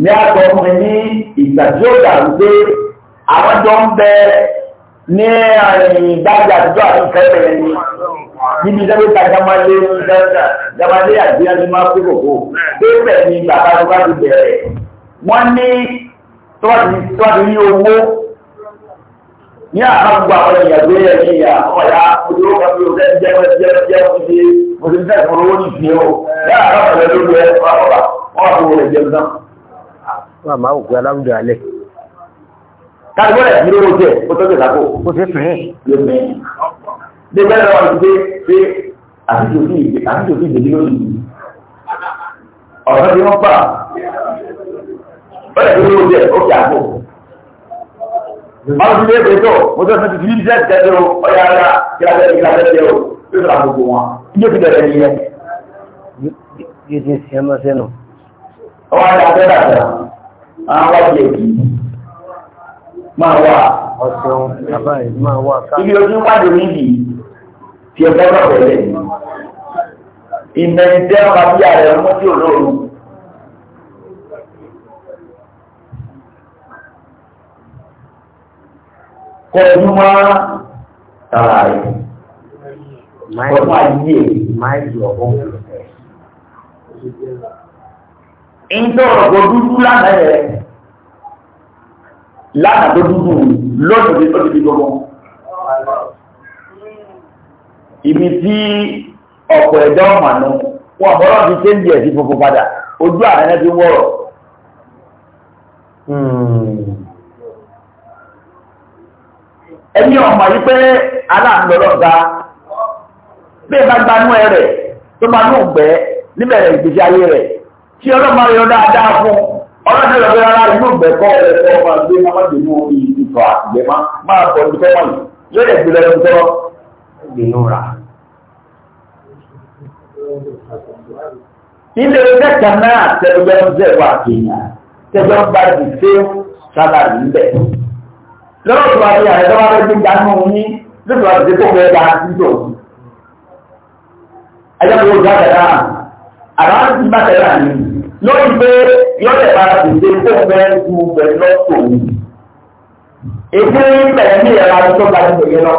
ní a sọ fún mi ní ìgbà tí ó dàrú pé àwọn jọ ń bẹ ní ìgbàgbà àtijọ́ àti ìkẹ́kẹ́ yẹn ni níbi ìjọba ìta jamalé jamalé àti ìyá ni máa kó kòkó pé bẹ́ẹ̀ ni bàbá wa ti bẹ̀rẹ̀ wọ́n ní tó bá ti ní owó ní àkàgbà àwọn ìyàgbé ẹni ìyà ọmọ ya ojú ó kàbí òun ẹni jẹ́ jẹ́ jẹ́ oúnjẹ òṣèlú tẹ̀ fún owó nìfi o ní àkàgbà rẹ̀ lórí ẹ̀ fún àkọ́bà wọ́n fún owó rẹ̀ jẹun náà. wọ́n máa wù pé aláwùjọ alẹ́. káàdùgbọ́n rẹ̀ yìí ló jẹ́ kó tó tẹ̀sán kó. kó tẹ̀ fẹ́. yóò fẹ́. bí bẹ́ẹ̀ lọ́wọ́ ti dé pé àtijọ́ sí ìdè bẹ́ẹ̀ ló ló jẹ ó kì àgbo. Báwo ti dé tó? Mo sọ fún ti fi iṣẹ́ ìtẹ́jọ́ ọ̀yà ara kíláṣẹ́ kíláṣẹ́ jẹ́ o. Bí sọ àgbègbè wọn, ilé ti bẹ̀rẹ̀ nìyẹn. Yóò ti ṣe ọmọ sẹ́nu. Ọwọ́ ajá fẹ́ dàgbà, máa wá di èkì, máa wà. Ọ̀sán bàbá yìí máa wà ká. Ibi ojú wájú mi bì fi ẹgbẹ́ náà bẹ̀rẹ̀. Ìmọ̀ ìdẹ́rùn àbí ààrẹ mú sí kọ́ ọdún wá tààrà rẹ̀. Ọdún ayé máa yọ ọ̀hún. Ń tọrọ kò dúdú lánàá rẹ̀. Lánàá tó dúdú lọ́dún tó tóbi gbogbo. Ibi tí ọ̀pọ̀ ẹ̀dá ọmọ àná wọn bọ́lá ti ṣe ń di ẹ̀sìn funfun padà ojú àárẹ̀ ti wọ̀rọ̀. Hmm. ẹni ọmọ yìí pé aláàmúlọ́lọ́gba bí ẹ bá gbanú ẹ tó máa ní òǹgbẹ́ níbẹ̀rẹ̀ ìgbésí ayé rẹ̀ tí ọlọ́mọ yọ dáadáa fún ọlọ́dún lọ́gbẹ́ rárá inú kọ́ ẹ̀kọ́ máa gbé lọ́rọ̀ tó bá ti ààrẹ tó bá fẹ́ gbé ìdánú ní lóṣù bá ti dé tó fẹ́ gba títọ̀ ẹjọ́ tó gbá tẹ̀lá àbá ti bá tẹ̀lá ní lórí pé yọ́tẹ̀ bá ti dé tó fẹ́ ju bẹ̀rẹ̀ lọ tó wù èdè bẹ̀rẹ̀ ní ìyàrá tó bá ti tẹ̀lé lọ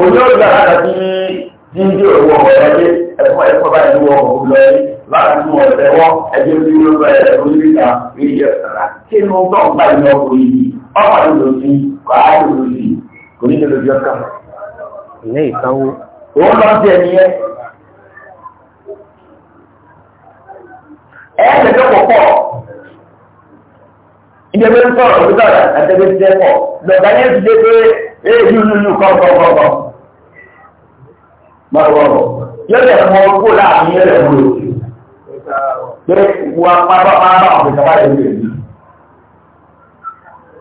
òní ó gbà láti fi díndín òwò ọ̀rọ̀ ẹgbẹ́ ẹ̀fọ́ ẹ̀fọ́ bá ìlú ọ̀rọ̀ lọ rí láti mú ọ̀rẹ́ wọn ẹgbẹ́ orí ló bá ẹ̀rọ orí rí ẹ̀sán kí ni ó ìlú ọkùnrin yìí ọkọ̀ lòdò sí wàá lòdò sí kò ní lòdò sí ọkàn. ilé ìsanwó. òun lọ sí ẹni yẹn. ẹ ẹ́ tẹ̀sán pọ̀ pọ̀ ìjọba ń sọ̀rọ̀ òkúta àtẹ̀gbẹ́ ti dẹ́pọ̀ lọ́gbà ní èsì dé pé èyí ìlú ìlú kọ̀ọ̀kọ̀ọ̀kọ̀ mọ̀rọ̀wọ̀rọ̀ yóò tẹ̀ mọ owó láàrin yẹn lẹ̀ wúlò pé wọ́n pápá pápá ọ̀pẹ̀ kaba lè wúlò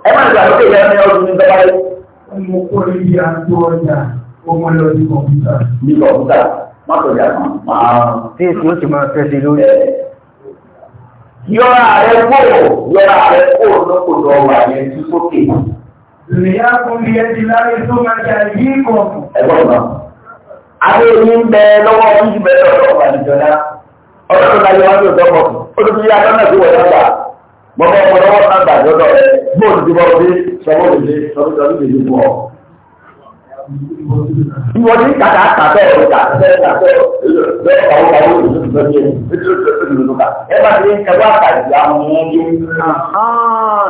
ẹ má gbà lókè yẹn ní ọdún ní bẹ́ẹ̀ báyìí. ọmọ kọ́ ibi àgbo ọjà ọmọ lọ ní kọ̀ǹpútà. ní kọ̀ǹpútà má tó yà má. tí èsì ó sì máa tẹ̀sí lórí. yọra rẹ kó yọra rẹ kó lóko lọ wà yẹn tí sókè. ìrìnà kún bí ẹ ti láyé tó máa jà yí kọ̀. ẹ gbọ́dọ̀ náà. adé yín bẹ lọ́wọ́ yín lọ́wọ́ àdìjọ́lá ọlọ́run láyé wájú ọ̀dọ́ bọ́bọ́ ọ̀pọ̀lọpọ̀ àgbà lọ́dọ̀ rẹ̀ bóòlù tí wọ́n fi sọ́wọ́ lè sọ́wọ́ lè lè bọ̀. Ìwọ ní kàkà àtàbẹ̀ ọ̀gá àtàbẹ̀ ọ̀gá àwọn ọ̀gá òṣèlú lọ́dẹ̀ ìdílọ́dẹ̀ ẹ bá ti ń kẹwàá àtàjà mú ní.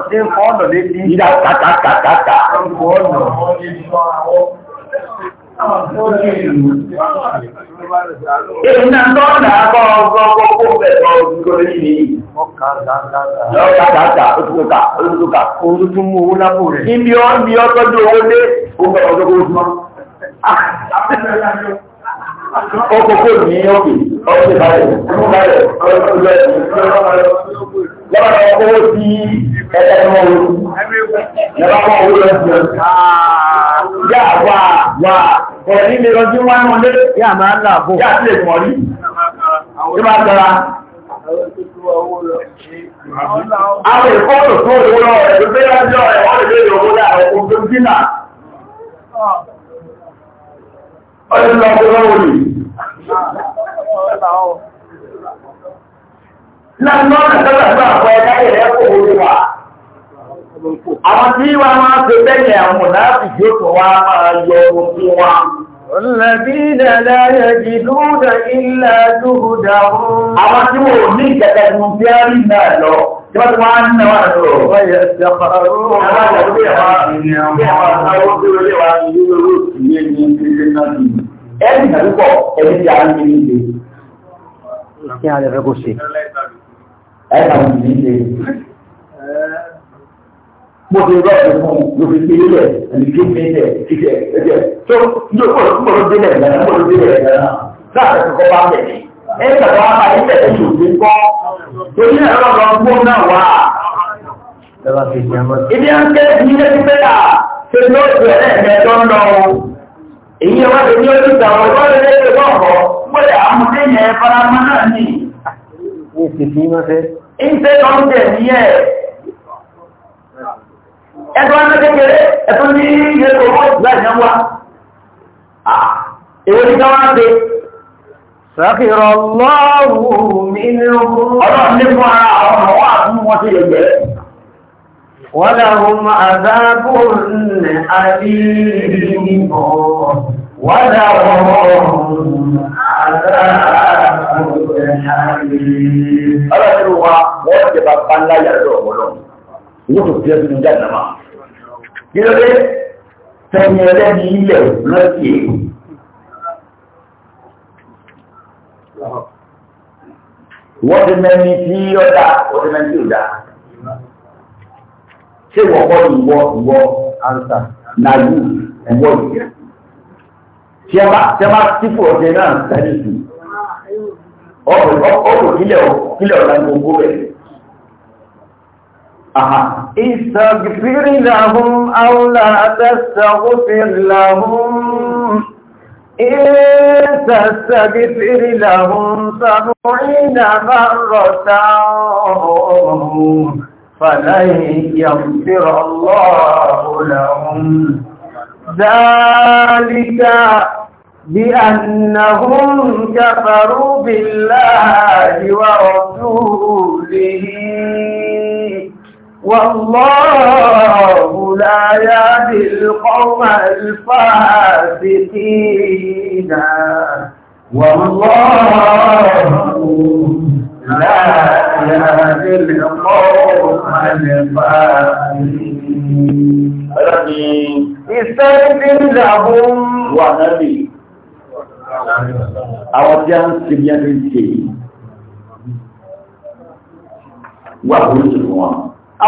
Ṣé ń fọ́ ọ̀nà létí? Ìdá kàkà kàkà kàkà. Ìrìnà tó ń dàgbọ́ ọgbọ́gbọ́ kó bẹ̀rẹ̀ ọdún lórí ní ọkàdàdà òtútùkà òtútùkà oòrùn tún mú owó lápò rẹ̀. Ibi ọ́ ń bí ọtọ́jú owó lé oúnjẹ ọjọ́gbọ́ ojúmọ́. Ọkọ̀kọ́ ní ọ̀gbìn ọ̀gbìn báyẹ̀ ọdún báyẹ̀ ọdún báyẹ̀ lọ́wọ́ ọkọ̀ owó sí ẹ̀ẹ́dẹ́gbọ́n owó. Ẹ̀ẹ́dẹ́gbọ́n owó lọ́sí ọ̀sán yà wà wà ọ̀rọ̀ ní mi rọjú wá ní ọdẹ yà máa ń là bò yà sí èkó rí yóò máa tọ́ra. àwọn ìkọ́ tó tó owó lọ rẹ̀ tó lọ́jọ́ rẹ̀ lè lè owó dà ọkọ̀ tó dínà. ọdún lọ lọ́wọ́ Àwọn tí wá máa fi bẹ́yẹ̀ àwọn láti jókòó wá máa yọ ogun wa. Ọ̀lẹ́bí dàdá yẹ jì lóòdà ilẹ̀ lóòdà oòrùn. Àwọn tí wò ní ìkẹ̀kẹ́ ní bí rí náà lọ, tí wọ́n ti wá ń náwà lọ. Wọ́n yẹ ti àpàrọ̀ oòrùn. Àwọn ìyàwó bí àwọn ìyàwó bí àwọn ìyàwó mo ti rọ́ọ̀tì fún mo fi fi lélẹ̀ ẹni kí mi lẹ̀ kíkẹ́ ẹ̀jẹ̀ tó ló kọ̀ ló kọ̀ ló délẹ̀ ìdáná kọ̀ ló délẹ̀ ìdáná láti kọ́ bá bẹ̀ ní. ẹ kàtà wá bá ilẹ̀ tó tó ti kọ́ torí náà lọ́ lọ gbó náà wá. ibi à ń kẹ́ ilé ti pẹ́ ta ṣe ló ti ẹ̀ lẹ́ẹ̀mẹ́tọ́ ń lọ. èyí ẹ̀ wá ti ní ojú ìtàn ọ̀rọ̀ ìwádìí lé ìfẹ́ ẹ̀tọ́ wọn kékeré ẹ̀tọ́ ní ilé ìgbòho láìní wá èwo ni káwọn ṣe. sàkìrọ̀ lọ́rùú mi ní ọlọ́run ní fún ara àwọn ọmọ wa fún wọn sí ẹgbẹ́. wọ́n làwọn àdáàbòrò ní àdìbò wọ́n làwọn àdáàbòrò ní àdìbò. ọlọ́run wa wọ́n ti bá pàǹdà yàtọ̀ ọ̀pọ̀lọ́ yóò tó fi ẹbí ní jáde náà. Gílódé tẹni ẹlẹ́ni ilẹ̀ lọ́sí èkó. Wọ́n ti mẹ́ni tí ó wọ́n ti mẹ́ni tí ó dá. Ṣé wọ́n kọ́ ìwọ ìwọ ansa nàlú ẹ̀wọ́ yìí? Tí a bá tí a bá tífò náà sáré sí. Ọ̀pọ̀ ìlẹ̀ ọ̀la ni mo gbó استغفر لهم أو لا تستغفر لهم إن تستغفر لهم سبعين مرة فلن يغفر الله لهم ذلك بأنهم كفروا بالله ورسوله والله لا يهدي القوم الفاسقين والله لا يهدي القوم الفاسقين استغفر لهم ونبي أوديان tí a ń ṣe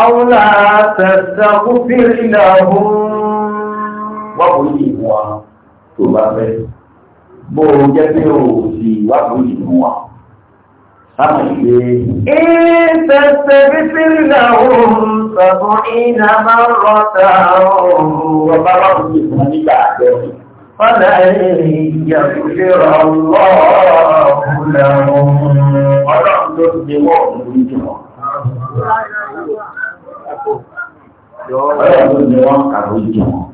أو لا تستغفر لهم wákòóyè ìmú wa tó bá fẹ́ bó o jẹ́ pé o sì wákòóyè ìmú wa sáàmù ìgbé. ìtẹ̀sẹ̀ bísírí náà ó ń sọ̀tún iná máa ń rọ́ta ọ̀rùn. wọ́n bá wákòóyè ìmú wa nígbà ọlọ́run ni wọ́n kàwé jù wọn.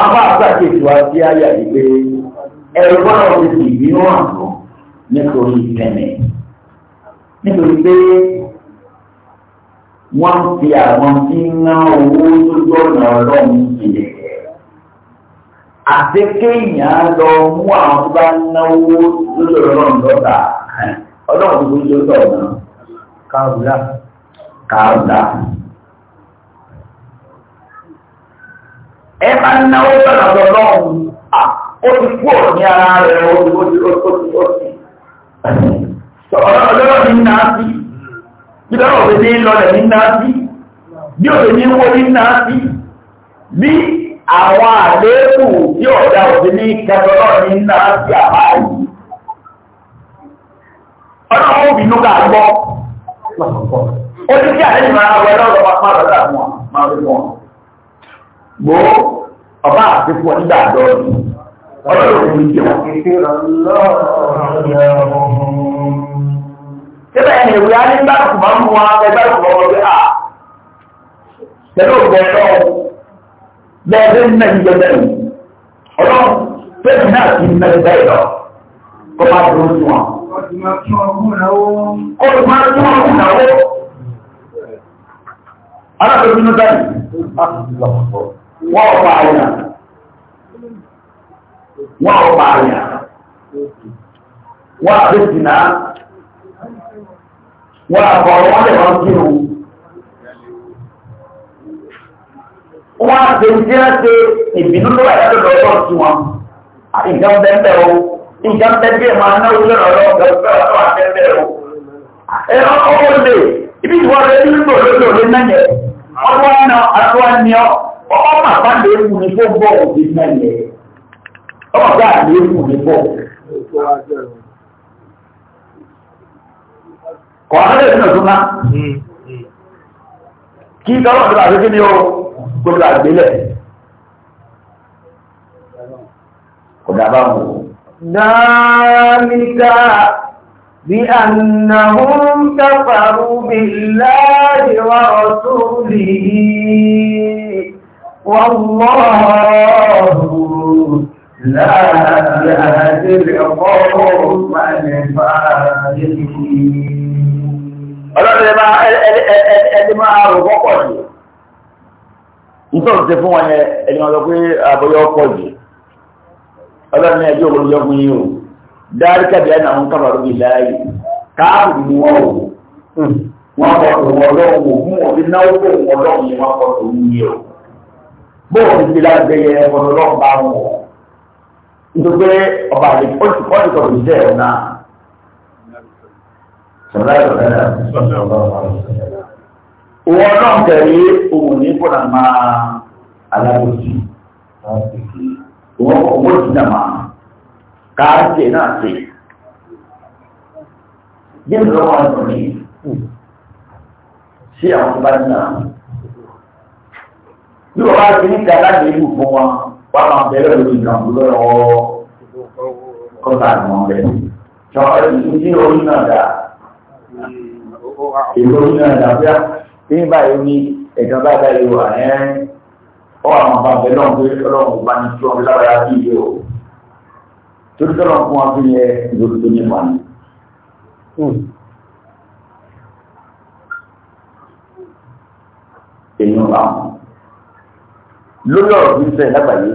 Àwọn àgbàkejì wa sí àyà yìí pé ẹ̀rọ wọn ò ti ìbínú àbọ̀ nítorí ìfẹ́mẹ̀. Nítorí pé wọ́n ń fi àwọn tí ń ná owó lójú ọ̀nà ọlọ́run sílẹ̀. Àti kéèyàn lọ mú àwọn tó bá ń náwó lójú ọlọ́run lọ́ta ọlọ́run tó lójú ọ̀nà. Káàbùdá. Káàbùdá. ẹ bá náwó sọ̀nà lọ́wọ́ ó ti kú ọ̀ ní ara rẹ̀ ó ti ó ti ó ti ó ti ọlọ́rọ̀ ní náà sí bí lọ́rọ̀ òfin ní lọlẹ̀ ní náà sí bí òfin ní wó ní náà sí bí àwọn àléébù tí ọ̀dà òfin ní kẹtọ́lọ́ ní náà sí àbáyé ọlọ́run òbí ló gà gbọ́ ó ní kí àlejò máa wọ ẹlọ́rọ̀ máa lọ́dà wọn máa lọ́dà wọn gbó ọba àti fún ọdún dàdọ́ ọlọ́run ní ìjẹun. Síbẹ̀ ẹni ìwé á ní bá kù máa ń mú wa ẹgbẹ́ ìfọwọ́ wọn pé à tẹ̀lé òkè ọlọ́run bẹ́ẹ̀ bí nínú ẹni jẹ́ bẹ́ẹ̀ ọlọ́run bẹ́ẹ̀ náà ti nínú ẹni bẹ́ẹ̀ lọ kó máa dúró sí wọn. Kọ́ọ̀tù máa tún ọkùnrin náà wó. Kọ́ọ̀tù máa tún ọkùnrin náà wó. Alábẹ̀ẹ́bí ló bẹ̀rẹ̀. wọ́n pa àyàn wọ́n pa àyàn wọ́n àbẹ́ sínà wọ́n àbọ̀ wọ́n lè wọ́n kí ndị ibi ọmọ àbá lè wù ní fún bọ́ọ̀lù bí mẹ́lẹ̀ ọmọ àbá lè wù ní bọ́ọ̀lù. kọ́ ọ́n lè nínú súnmá kí tọ́lọ́ tó bá fi kí ni ó gbogbo àgbélẹ̀ kò dábàá wò. dáàmìkà بأنهم كفروا بالله ورسوله والله لا يهدي القوم الفاسقين ọlọ́run bá ẹni máa rò wọ́pọ̀ jù nítorí ti fún wọn yẹn ẹni máa lọ pé àbọ̀yọ̀ pọ̀ jù ọlọ́run ẹjọ́ òun yọ fún yín o dárí kẹ̀bí ẹ̀ náà ń kábàá bóòlù ti lágbẹ̀yẹ ọ̀dọ̀ lọ́wọ́ bá wọn wọ̀ nítorí ọba àlè ó ti kọ́ ní kọ̀ọ̀dù jẹ́ ẹ̀ náà. Òwò náà tẹ̀lé òun ní kọ́nà máa alábòsí. Òwò owó ti nà máa káàkiri náà ṣe. Bí ìlú wọn sọ ní, ṣé àwọn bá ní náà? tí wọ́n bá ti ní kàdá lè lù fún wọn wọ́n máa bẹ̀rẹ̀ lórí ìdààmú lọ́wọ́ kọ́ńtà ni wọ́n bẹ̀rẹ̀. sọ ìdí orí náà dà èlò orí náà dà bíá bí báyìí ní ẹ̀gbọ́n bá dá ìwà ẹ̀ ọ́ àwọn ọba bẹ̀rẹ̀ náà pé ọlọ́run ni. èèyàn hmm. bá wọn lórí ọ̀rọ̀ tó ń sẹ́yìn lágbàáyé